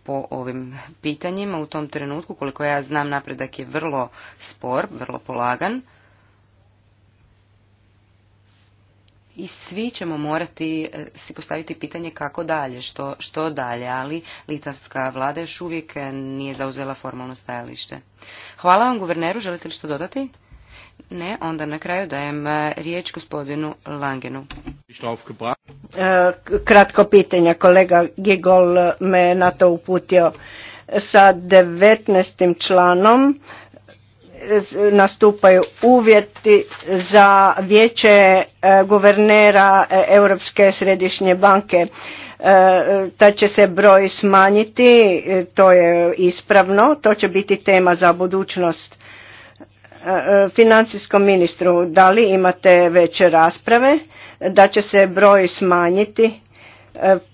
po ovim pitanjima. U tom trenutku, koliko ja znam, napredak je vrlo spor, vrlo polagan. i svi ćemo morati e, si postaviti pitanje kako dalje, što, što dalje, ali litavska vlada još uvijek e, nije zauzela formalno stajalište. Hvala vam, guverneru, želite li što dodati? Ne, onda na kraju dajem e, riječ gospodinu Langenu. Kratko pitanje, kolega Gigol me na to uputio sa 19. članom nastupaju uvjeti za vijeće e, guvernera e, Europske središnje banke. E, Ta će se broj smanjiti, to je ispravno, to će biti tema za budućnost financijskom ministru. Da li imate veće rasprave, da će se broj smanjiti?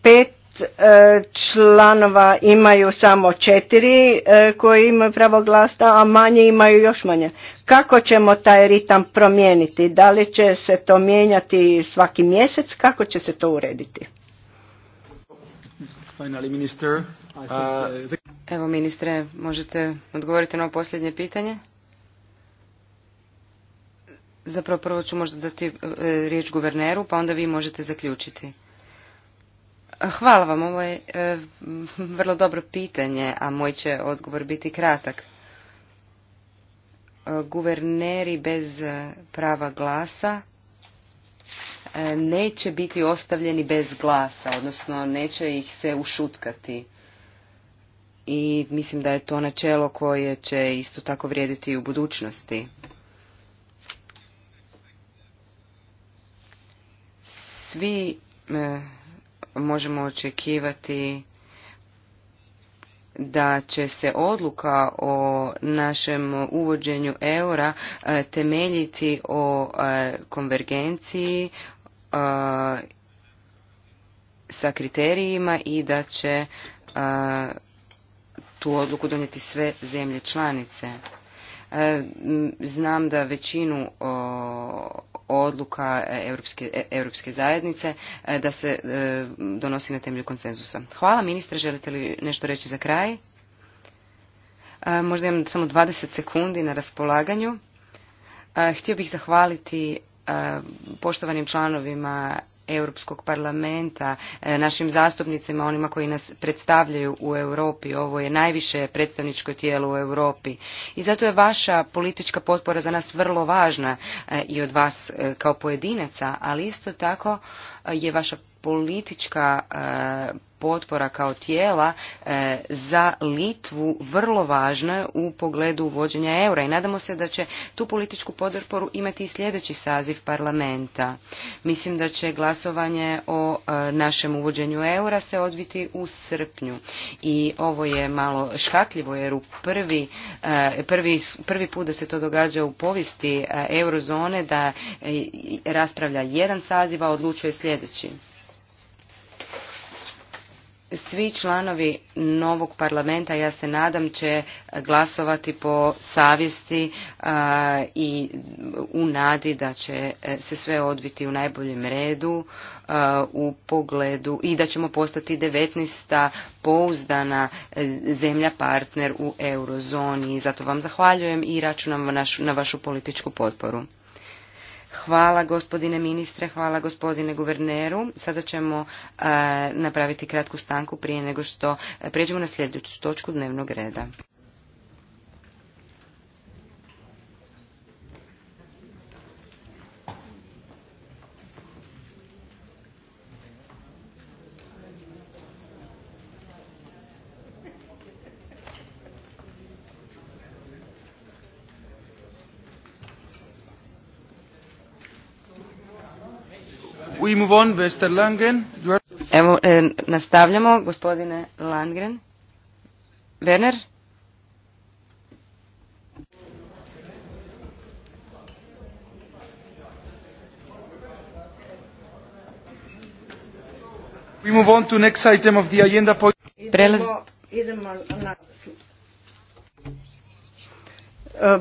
Pet E, članova imaju samo četiri e, koji imaju pravo glasa, a manje imaju još manje. Kako ćemo taj ritam promijeniti? Da li će se to mijenjati svaki mjesec? Kako će se to urediti? Uh, uh, Evo ministre, možete odgovoriti na ovo posljednje pitanje? Zapravo prvo ću možda dati e, riječ guverneru, pa onda vi možete zaključiti. Hvala vam, ovo je e, vrlo dobro pitanje, a moj će odgovor biti kratak. E, guverneri bez prava glasa e, neće biti ostavljeni bez glasa, odnosno neće ih se ušutkati. I mislim da je to načelo koje će isto tako vrijediti i u budućnosti. Svi možemo očekivati da će se odluka o našem uvođenju eura e, temeljiti o e, konvergenciji e, sa kriterijima i da će tu odluku donijeti sve zemlje članice. E, znam da većinu odluka Europske, e, zajednice e, da se donosi na temelju konsenzusa. Hvala ministre, želite li nešto reći za kraj? Možda imam samo 20 sekundi na raspolaganju. Htio bih zahvaliti poštovanim članovima Europskog parlamenta, e, našim zastupnicima, onima koji nas predstavljaju u Europi. Ovo je najviše predstavničko tijelo u Europi. I zato je vaša politička potpora za nas vrlo važna e, i od vas e, kao pojedinaca, ali isto tako je vaša politička potpora kao tijela e, za Litvu vrlo važna u pogledu uvođenja eura i nadamo se da će tu političku podrporu imati i sljedeći saziv parlamenta. Mislim da će glasovanje o e, našem uvođenju eura se odviti u srpnju i ovo je malo škakljivo jer u prvi, e, prvi, prvi put da se to događa u povijesti eurozone da raspravlja jedan saziv, a odlučuje sljedeći svi članovi novog parlamenta, ja se nadam, će glasovati po savjesti i u nadi da će e, se sve odviti u najboljem redu u pogledu i da ćemo postati 19. pouzdana e, zemlja partner u eurozoni. Zato vam zahvaljujem i računam na vašu političku potporu. Hvala gospodine ministre, hvala gospodine guverneru. Sada ćemo e, napraviti kratku stanku prije nego što e, pređemo na sljedeću točku dnevnog reda. we move on, Mr. Langen. Are... Evo, e, nastavljamo, gospodine Langren. Werner? We move on to next item of the agenda point. Prelaz... E,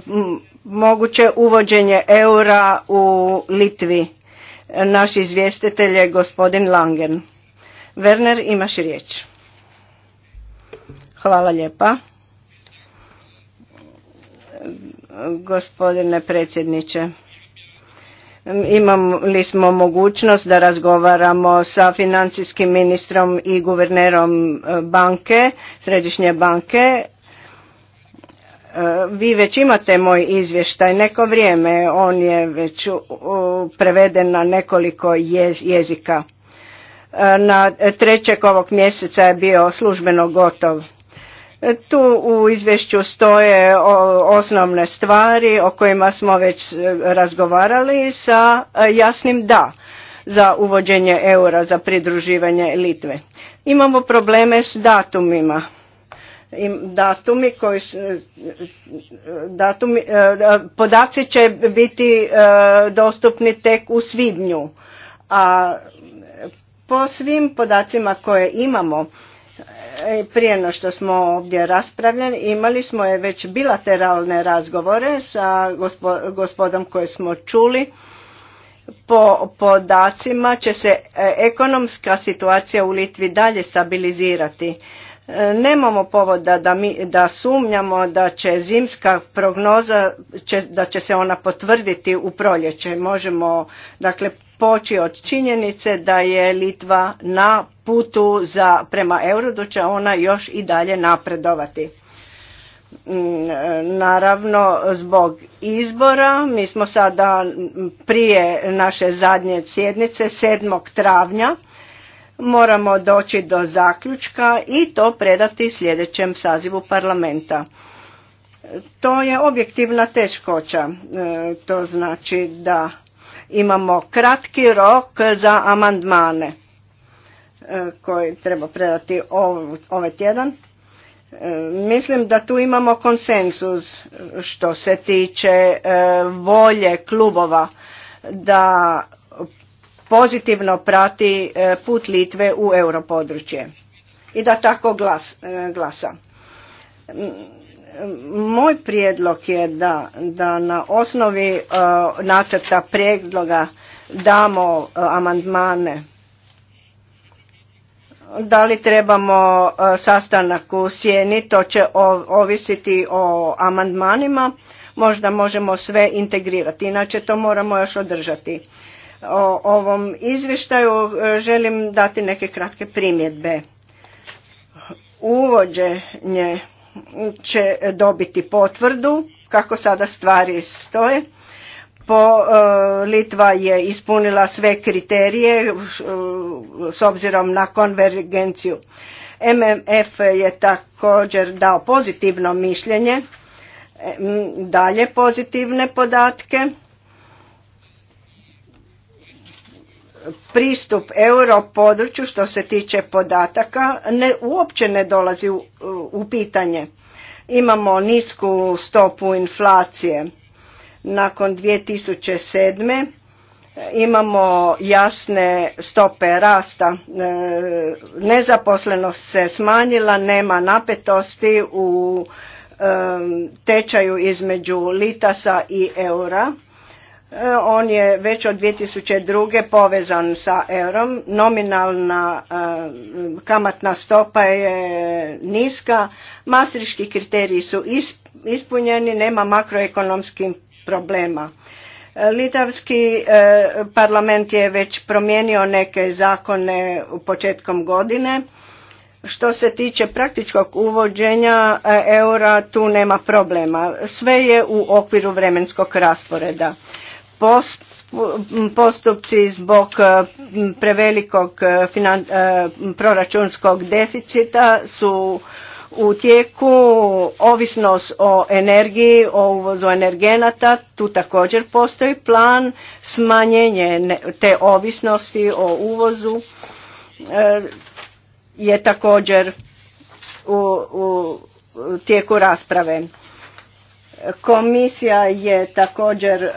moguće uvođenje eura u Litvi. Naš izvjestitelj je gospodin Langen. Werner, imaš riječ. Hvala lijepa. Gospodine predsjedniče, imali smo mogućnost da razgovaramo sa financijskim ministrom i guvernerom banke, središnje banke vi već imate moj izvještaj neko vrijeme, on je već preveden na nekoliko jezika. E, na trećeg ovog mjeseca je bio službeno gotov. E, tu u izvješću stoje osnovne stvari o kojima smo već e, razgovarali sa jasnim da za uvođenje eura, za pridruživanje Litve. Imamo probleme s datumima datumi koji datumi, e, podaci će biti e, dostupni tek u svibnju a po svim podacima koje imamo e, prije no što smo ovdje raspravljali imali smo je već bilateralne razgovore sa gospodom koje smo čuli po podacima će se ekonomska situacija u Litvi dalje stabilizirati Nemamo povoda da, mi, da sumnjamo da će zimska prognoza, će, da će se ona potvrditi u proljeće. Možemo dakle, poći od činjenice da je Litva na putu za, prema euro, da će ona još i dalje napredovati. Mm, naravno, zbog izbora, mi smo sada prije naše zadnje sjednice, 7. travnja, moramo doći do zaključka i to predati sljedećem sazivu parlamenta. To je objektivna teškoća, e, to znači da imamo kratki rok za amandmane e, koji treba predati ovaj tjedan. E, mislim da tu imamo konsensus što se tiče volje klubova da pozitivno prati e, put Litve u europodručje i da tako e, glasa. Moj prijedlog je da, da na osnovi uh, nacrta prijedloga damo amandmane. Da li trebamo sastanak u sjeni, to će ovisiti o amandmanima. Možda možemo sve integrirati, inače to moramo još održati o ovom izvještaju e, želim dati neke kratke primjedbe. Uvođenje će dobiti potvrdu kako sada stvari stoje. Po, e, Litva je ispunila sve kriterije e, s obzirom na konvergenciju. MMF je također dao pozitivno mišljenje, dalje pozitivne podatke pristup euro području što se tiče podataka ne, uopće ne dolazi u, u pitanje. Imamo nisku stopu inflacije. Nakon 2007. E, imamo jasne stope rasta. E, nezaposlenost se smanjila, nema napetosti u e, tečaju između litasa i eura Eh, on je već od 2002. povezan sa eurom. Nominalna eh, kamatna stopa je niska. Mastriški kriteriji su ispunjeni, nema makroekonomskih problema. Eh, litavski parlament je već promijenio neke zakone u početkom godine. Što se tiče praktičkog uvođenja eura, tu nema problema. Sve je u okviru vremenskog rasporeda postupci zbog e, prevelikog e, e, proračunskog deficita su u tijeku ovisnost o energiji, o uvozu energenata, tu također postoji plan smanjenje te ovisnosti o uvozu je također u, u tijeku rasprave. Komisija je također, e, e,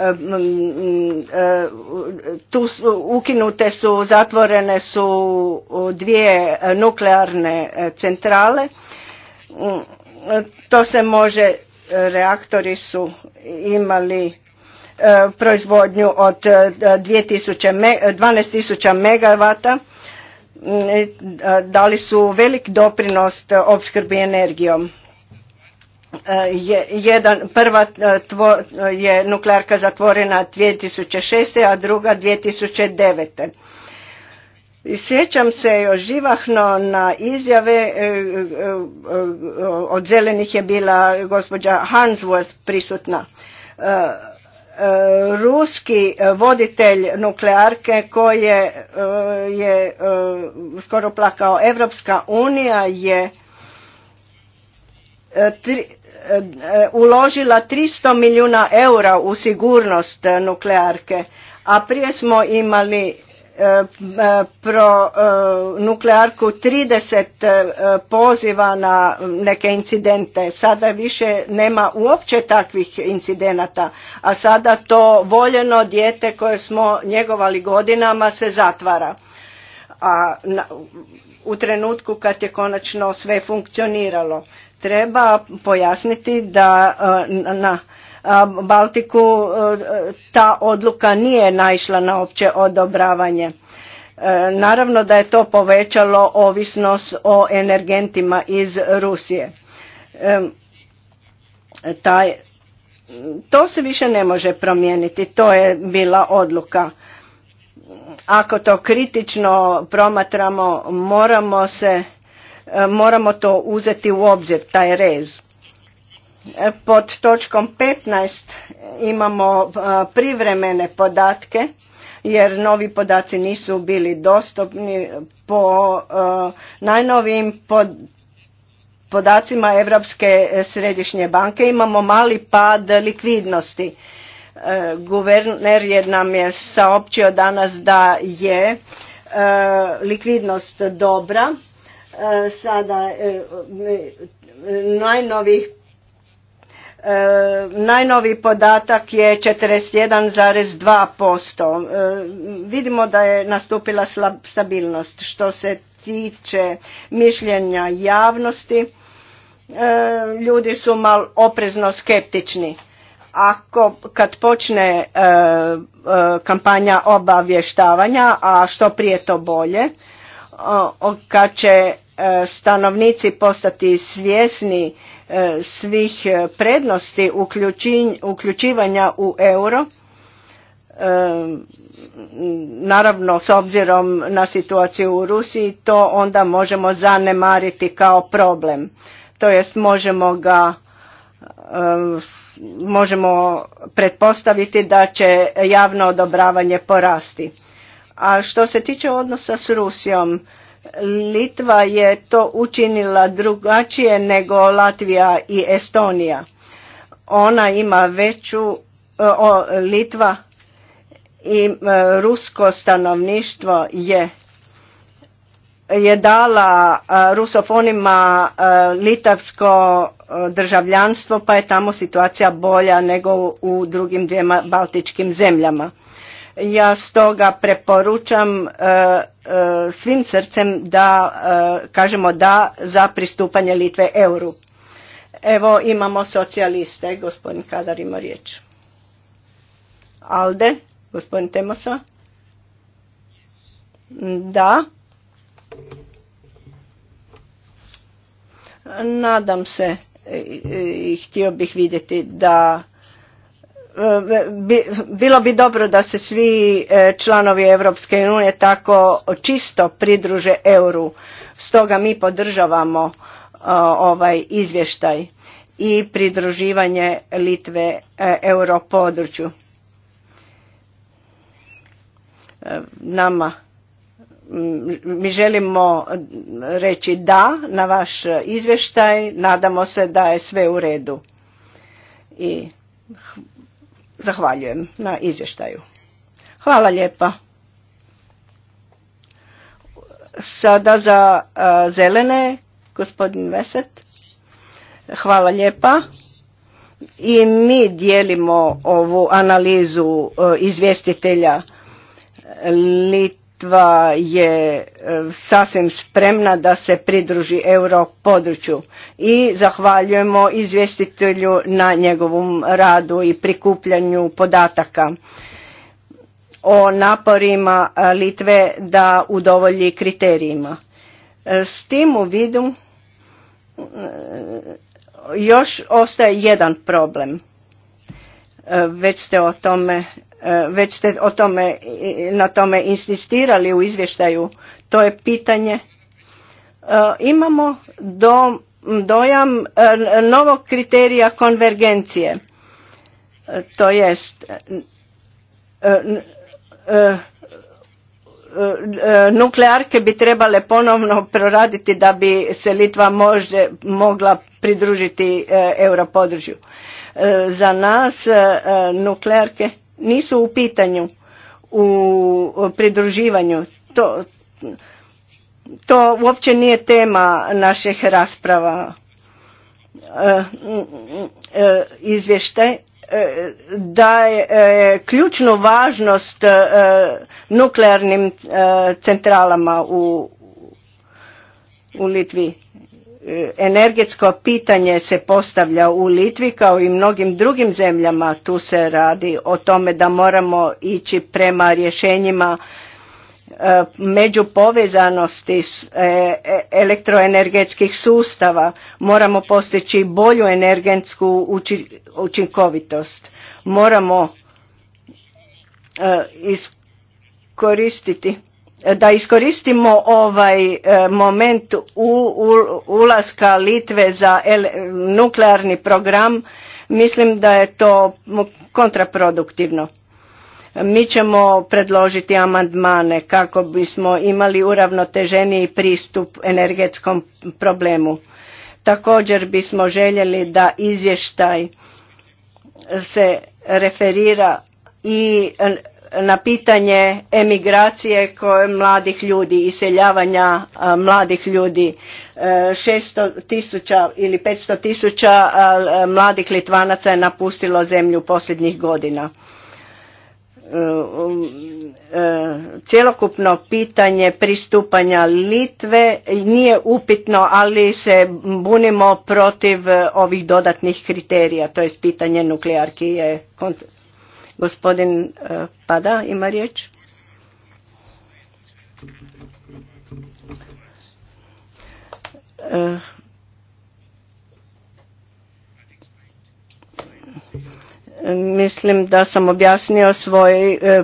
tu su, ukinute su, zatvorene su dvije nuklearne e, centrale. Mm, to se može, reaktori su imali proizvodnju od 12.000 megavata, mm, dali su velik doprinost opskrbi energijom. Eh, je jedan, prva eh, tvo, eh, je nuklearka zatvorena 2006. a druga 2009. I sjećam se još živahno na izjave od zelenih je bila gospođa Hansworth prisutna. Ruski voditelj nuklearke koji je, je skoro plakao Evropska unija je Eh, uložila 300 milijuna eura u sigurnost eh, nuklearke, a prije smo imali eh, pro nuklearku 30 poziva na neke incidente. Sada više nema uopće takvih incidenata, a sada to voljeno dijete koje smo njegovali godinama se zatvara. A u trenutku kad je konačno sve funkcioniralo. Treba pojasniti da e, na Baltiku e, ta odluka nije naišla na opće odobravanje. E, naravno da je to povećalo ovisnost o energentima iz Rusije. Taj, to se više ne može promijeniti, to je bila odluka. Ako to kritično promatramo, moramo se E, moramo to uzeti u obzir, taj rez. E, pod točkom 15 imamo e, privremene podatke jer novi podaci nisu bili dostupni po najnovim podacima Europske središnje banke imamo mali pad likvidnosti. Guverner je nam je saopćio danas da je likvidnost dobra E, sada e, e, najnovih najnoviji podatak je 41,2%. Vidimo da je nastupila stabilnost što se tiče mišljenja javnosti. Ljudi su malo oprezno skeptični. Ako kad počne kampanja obavještavanja, a što prije to bolje, kad će E, stanovnici postati svjesni e, svih e, prednosti uključivanja u euro, naravno s obzirom na situaciju u Rusiji, to onda možemo zanemariti kao problem. To jest možemo ga možemo pretpostaviti da će javno odobravanje porasti. A što se tiče odnosa s Rusijom, Litva je to učinila drugačije nego Latvija i Estonija. Ona ima veću, e, o, Litva i e, rusko stanovništvo je je dala e, rusofonima litavsko državljanstvo pa je tamo situacija bolja nego u drugim dvijema baltičkim zemljama. Ja stoga preporučam e, e, svim srcem da e, kažemo da za pristupanje Litve euru. Evo imamo socijaliste, gospodin Kadar ima riječ. Alde, gospodin Temosa. Da. Nadam se i htio bih vidjeti da bilo bi dobro da se svi e, članovi Europske unije tako čisto pridruže euru. Stoga mi podržavamo e, ovaj izvještaj i pridruživanje Litve e, europodručju. Nama mi želimo reći da na vaš izvještaj, nadamo se da je sve u redu. I Zahvaljujem na izvještaju. Hvala lijepa. Sada za zelene, gospodin Veset. Hvala lijepa. I mi dijelimo ovu analizu izvjestitelja Lit Litva je e, sasvim spremna da se pridruži euro području i zahvaljujemo izvjestitelju na njegovom radu i prikupljanju podataka o naporima Litve da udovolji kriterijima. E, s tim u vidu e, još ostaje jedan problem – E, već ste o tome e, već ste o tome, na tome insistirali u izvještaju, to je pitanje. E, imamo do, dojam novog kriterija konvergencije, to jest nuklearke bi trebale ponovno proraditi da bi se Litva može, mogla pridružiti europodružju. E, za nas e, e, nuklearke nisu u pitanju u pridruživanju. To, to uopće nije tema naših rasprava. Izvještaj da je ključnu važnost nuklearnim centralama u, u Litvi energetsko pitanje se postavlja u Litvi kao i mnogim drugim zemljama. Tu se radi o tome da moramo ići prema rješenjima e, međupovezanosti e, e, elektroenergetskih sustava. Moramo postići bolju energetsku učinkovitost. Moramo iskoristiti da iskoristimo ovaj e, moment u ulaska Litve za nuklearni program, mislim da je to kontraproduktivno. Mi ćemo predložiti amandmane kako bismo imali uravnoteženiji pristup energetskom problemu. Također bismo željeli da izvještaj se referira i na pitanje emigracije koje mladih ljudi, iseljavanja mladih ljudi. 600 e, tisuća ili 500 tisuća mladih Litvanaca je napustilo zemlju posljednjih godina. E, um, e, cjelokupno pitanje pristupanja Litve nije upitno, ali se bunimo protiv ovih dodatnih kriterija, to je pitanje nuklearki je Gospodin e, Pada ima riječ. E, mislim da sam objasnio svoj, e,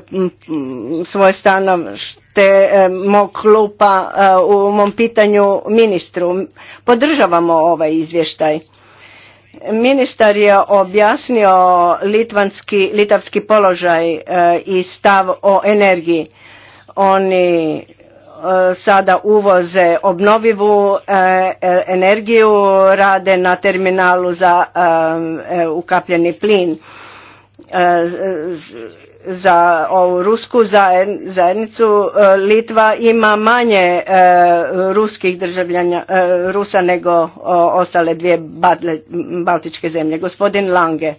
svoje te mog klupa u mom pitanju ministru. Podržavamo ovaj izvještaj Ministar je objasnio litvanski, litavski položaj e, i stav o energiji. Oni e, sada uvoze obnovivu e, energiju, rade na terminalu za ukapljeni plin za ovu rusku zajednicu e, Litva ima manje e, ruskih državljanja e, Rusa nego ostale dvije baltičke zemlje. Gospodin Lange.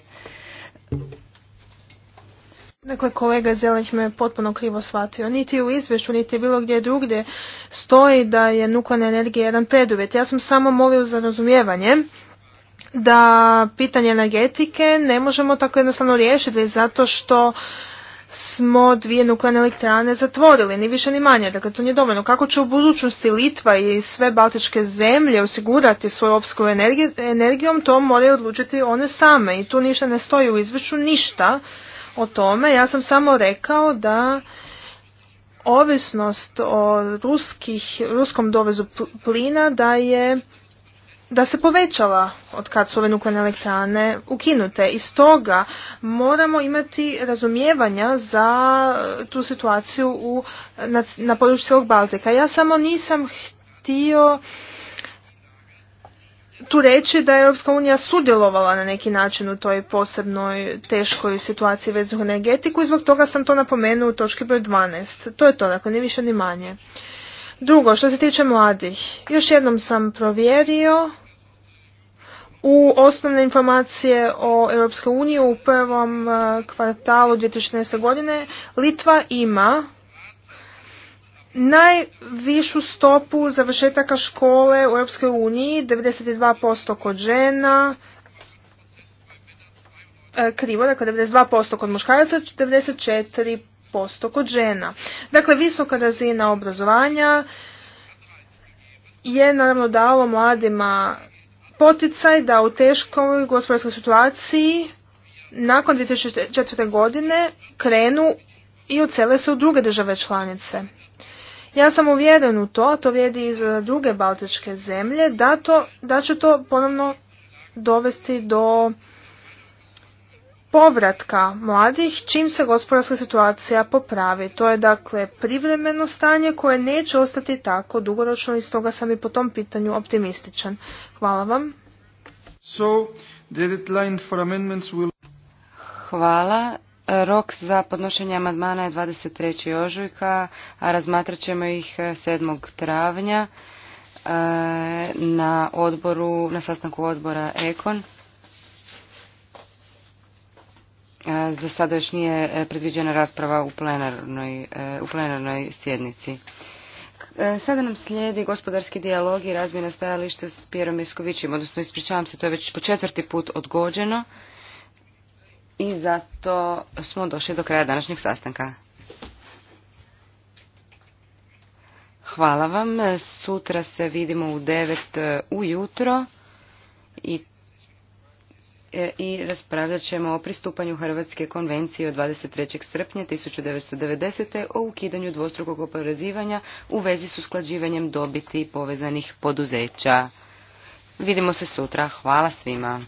Dakle, kolega Zeleć me potpuno krivo shvatio. Niti u izvješću, niti bilo gdje drugdje stoji da je nuklearna energija jedan preduvjet. Ja sam samo molio za razumijevanje da pitanje energetike ne možemo tako jednostavno riješiti zato što smo dvije nuklearne elektrane zatvorili, ni više ni manje, dakle to nije dovoljno. Kako će u budućnosti Litva i sve baltičke zemlje osigurati svoju opskrbu energijom, to moraju odlučiti one same i tu ništa ne stoji u izvješću, ništa o tome. Ja sam samo rekao da ovisnost o ruskom dovezu plina da je da se povećava od kad su ove nuklearne elektrane ukinute i stoga moramo imati razumijevanja za e, tu situaciju u, na, području cijelog Baltika. Ja samo nisam htio tu reći da je Europska unija sudjelovala na neki način u toj posebnoj teškoj situaciji vezu energetiku i zbog toga sam to napomenuo u točki broj 12. To je to, dakle, ni više ni manje. Drugo, što se tiče mladih, još jednom sam provjerio u osnovne informacije o Europskoj uniji u prvom e, kvartalu 2016. godine Litva ima najvišu stopu završetaka škole u Europskoj uniji, 92% kod žena, e, krivo, dakle 92% kod muškaraca, 94% kod žena. Dakle, visoka razina obrazovanja je naravno dalo mladima poticaj da u teškoj gospodarskoj situaciji nakon 2004. godine krenu i ocele se u druge države članice. Ja sam uvjeren u to, a to vrijedi i za druge baltičke zemlje, da, da će to ponovno dovesti do povratka mladih čim se gospodarska situacija popravi. To je dakle privremeno stanje koje neće ostati tako dugoročno i stoga sam i po tom pitanju optimističan. Hvala vam. So, will... Hvala. Rok za podnošenje amandmana je 23. ožujka, a razmatrat ćemo ih 7. E, travnja e, na odboru, na sastanku odbora Ekon. Za sada još nije e, predviđena rasprava u plenarnoj, e, u sjednici. E, sada nam slijedi gospodarski dijalog i razmjena stajališta s Pjerom Miskovićem, odnosno ispričavam se, to je već po četvrti put odgođeno i zato smo došli do kraja današnjeg sastanka. Hvala vam, sutra se vidimo u devet ujutro i E, i raspravljat ćemo o pristupanju Hrvatske konvencije od 23. srpnja 1990. o ukidanju dvostrukog oporezivanja u vezi s usklađivanjem dobiti povezanih poduzeća. Vidimo se sutra. Hvala svima.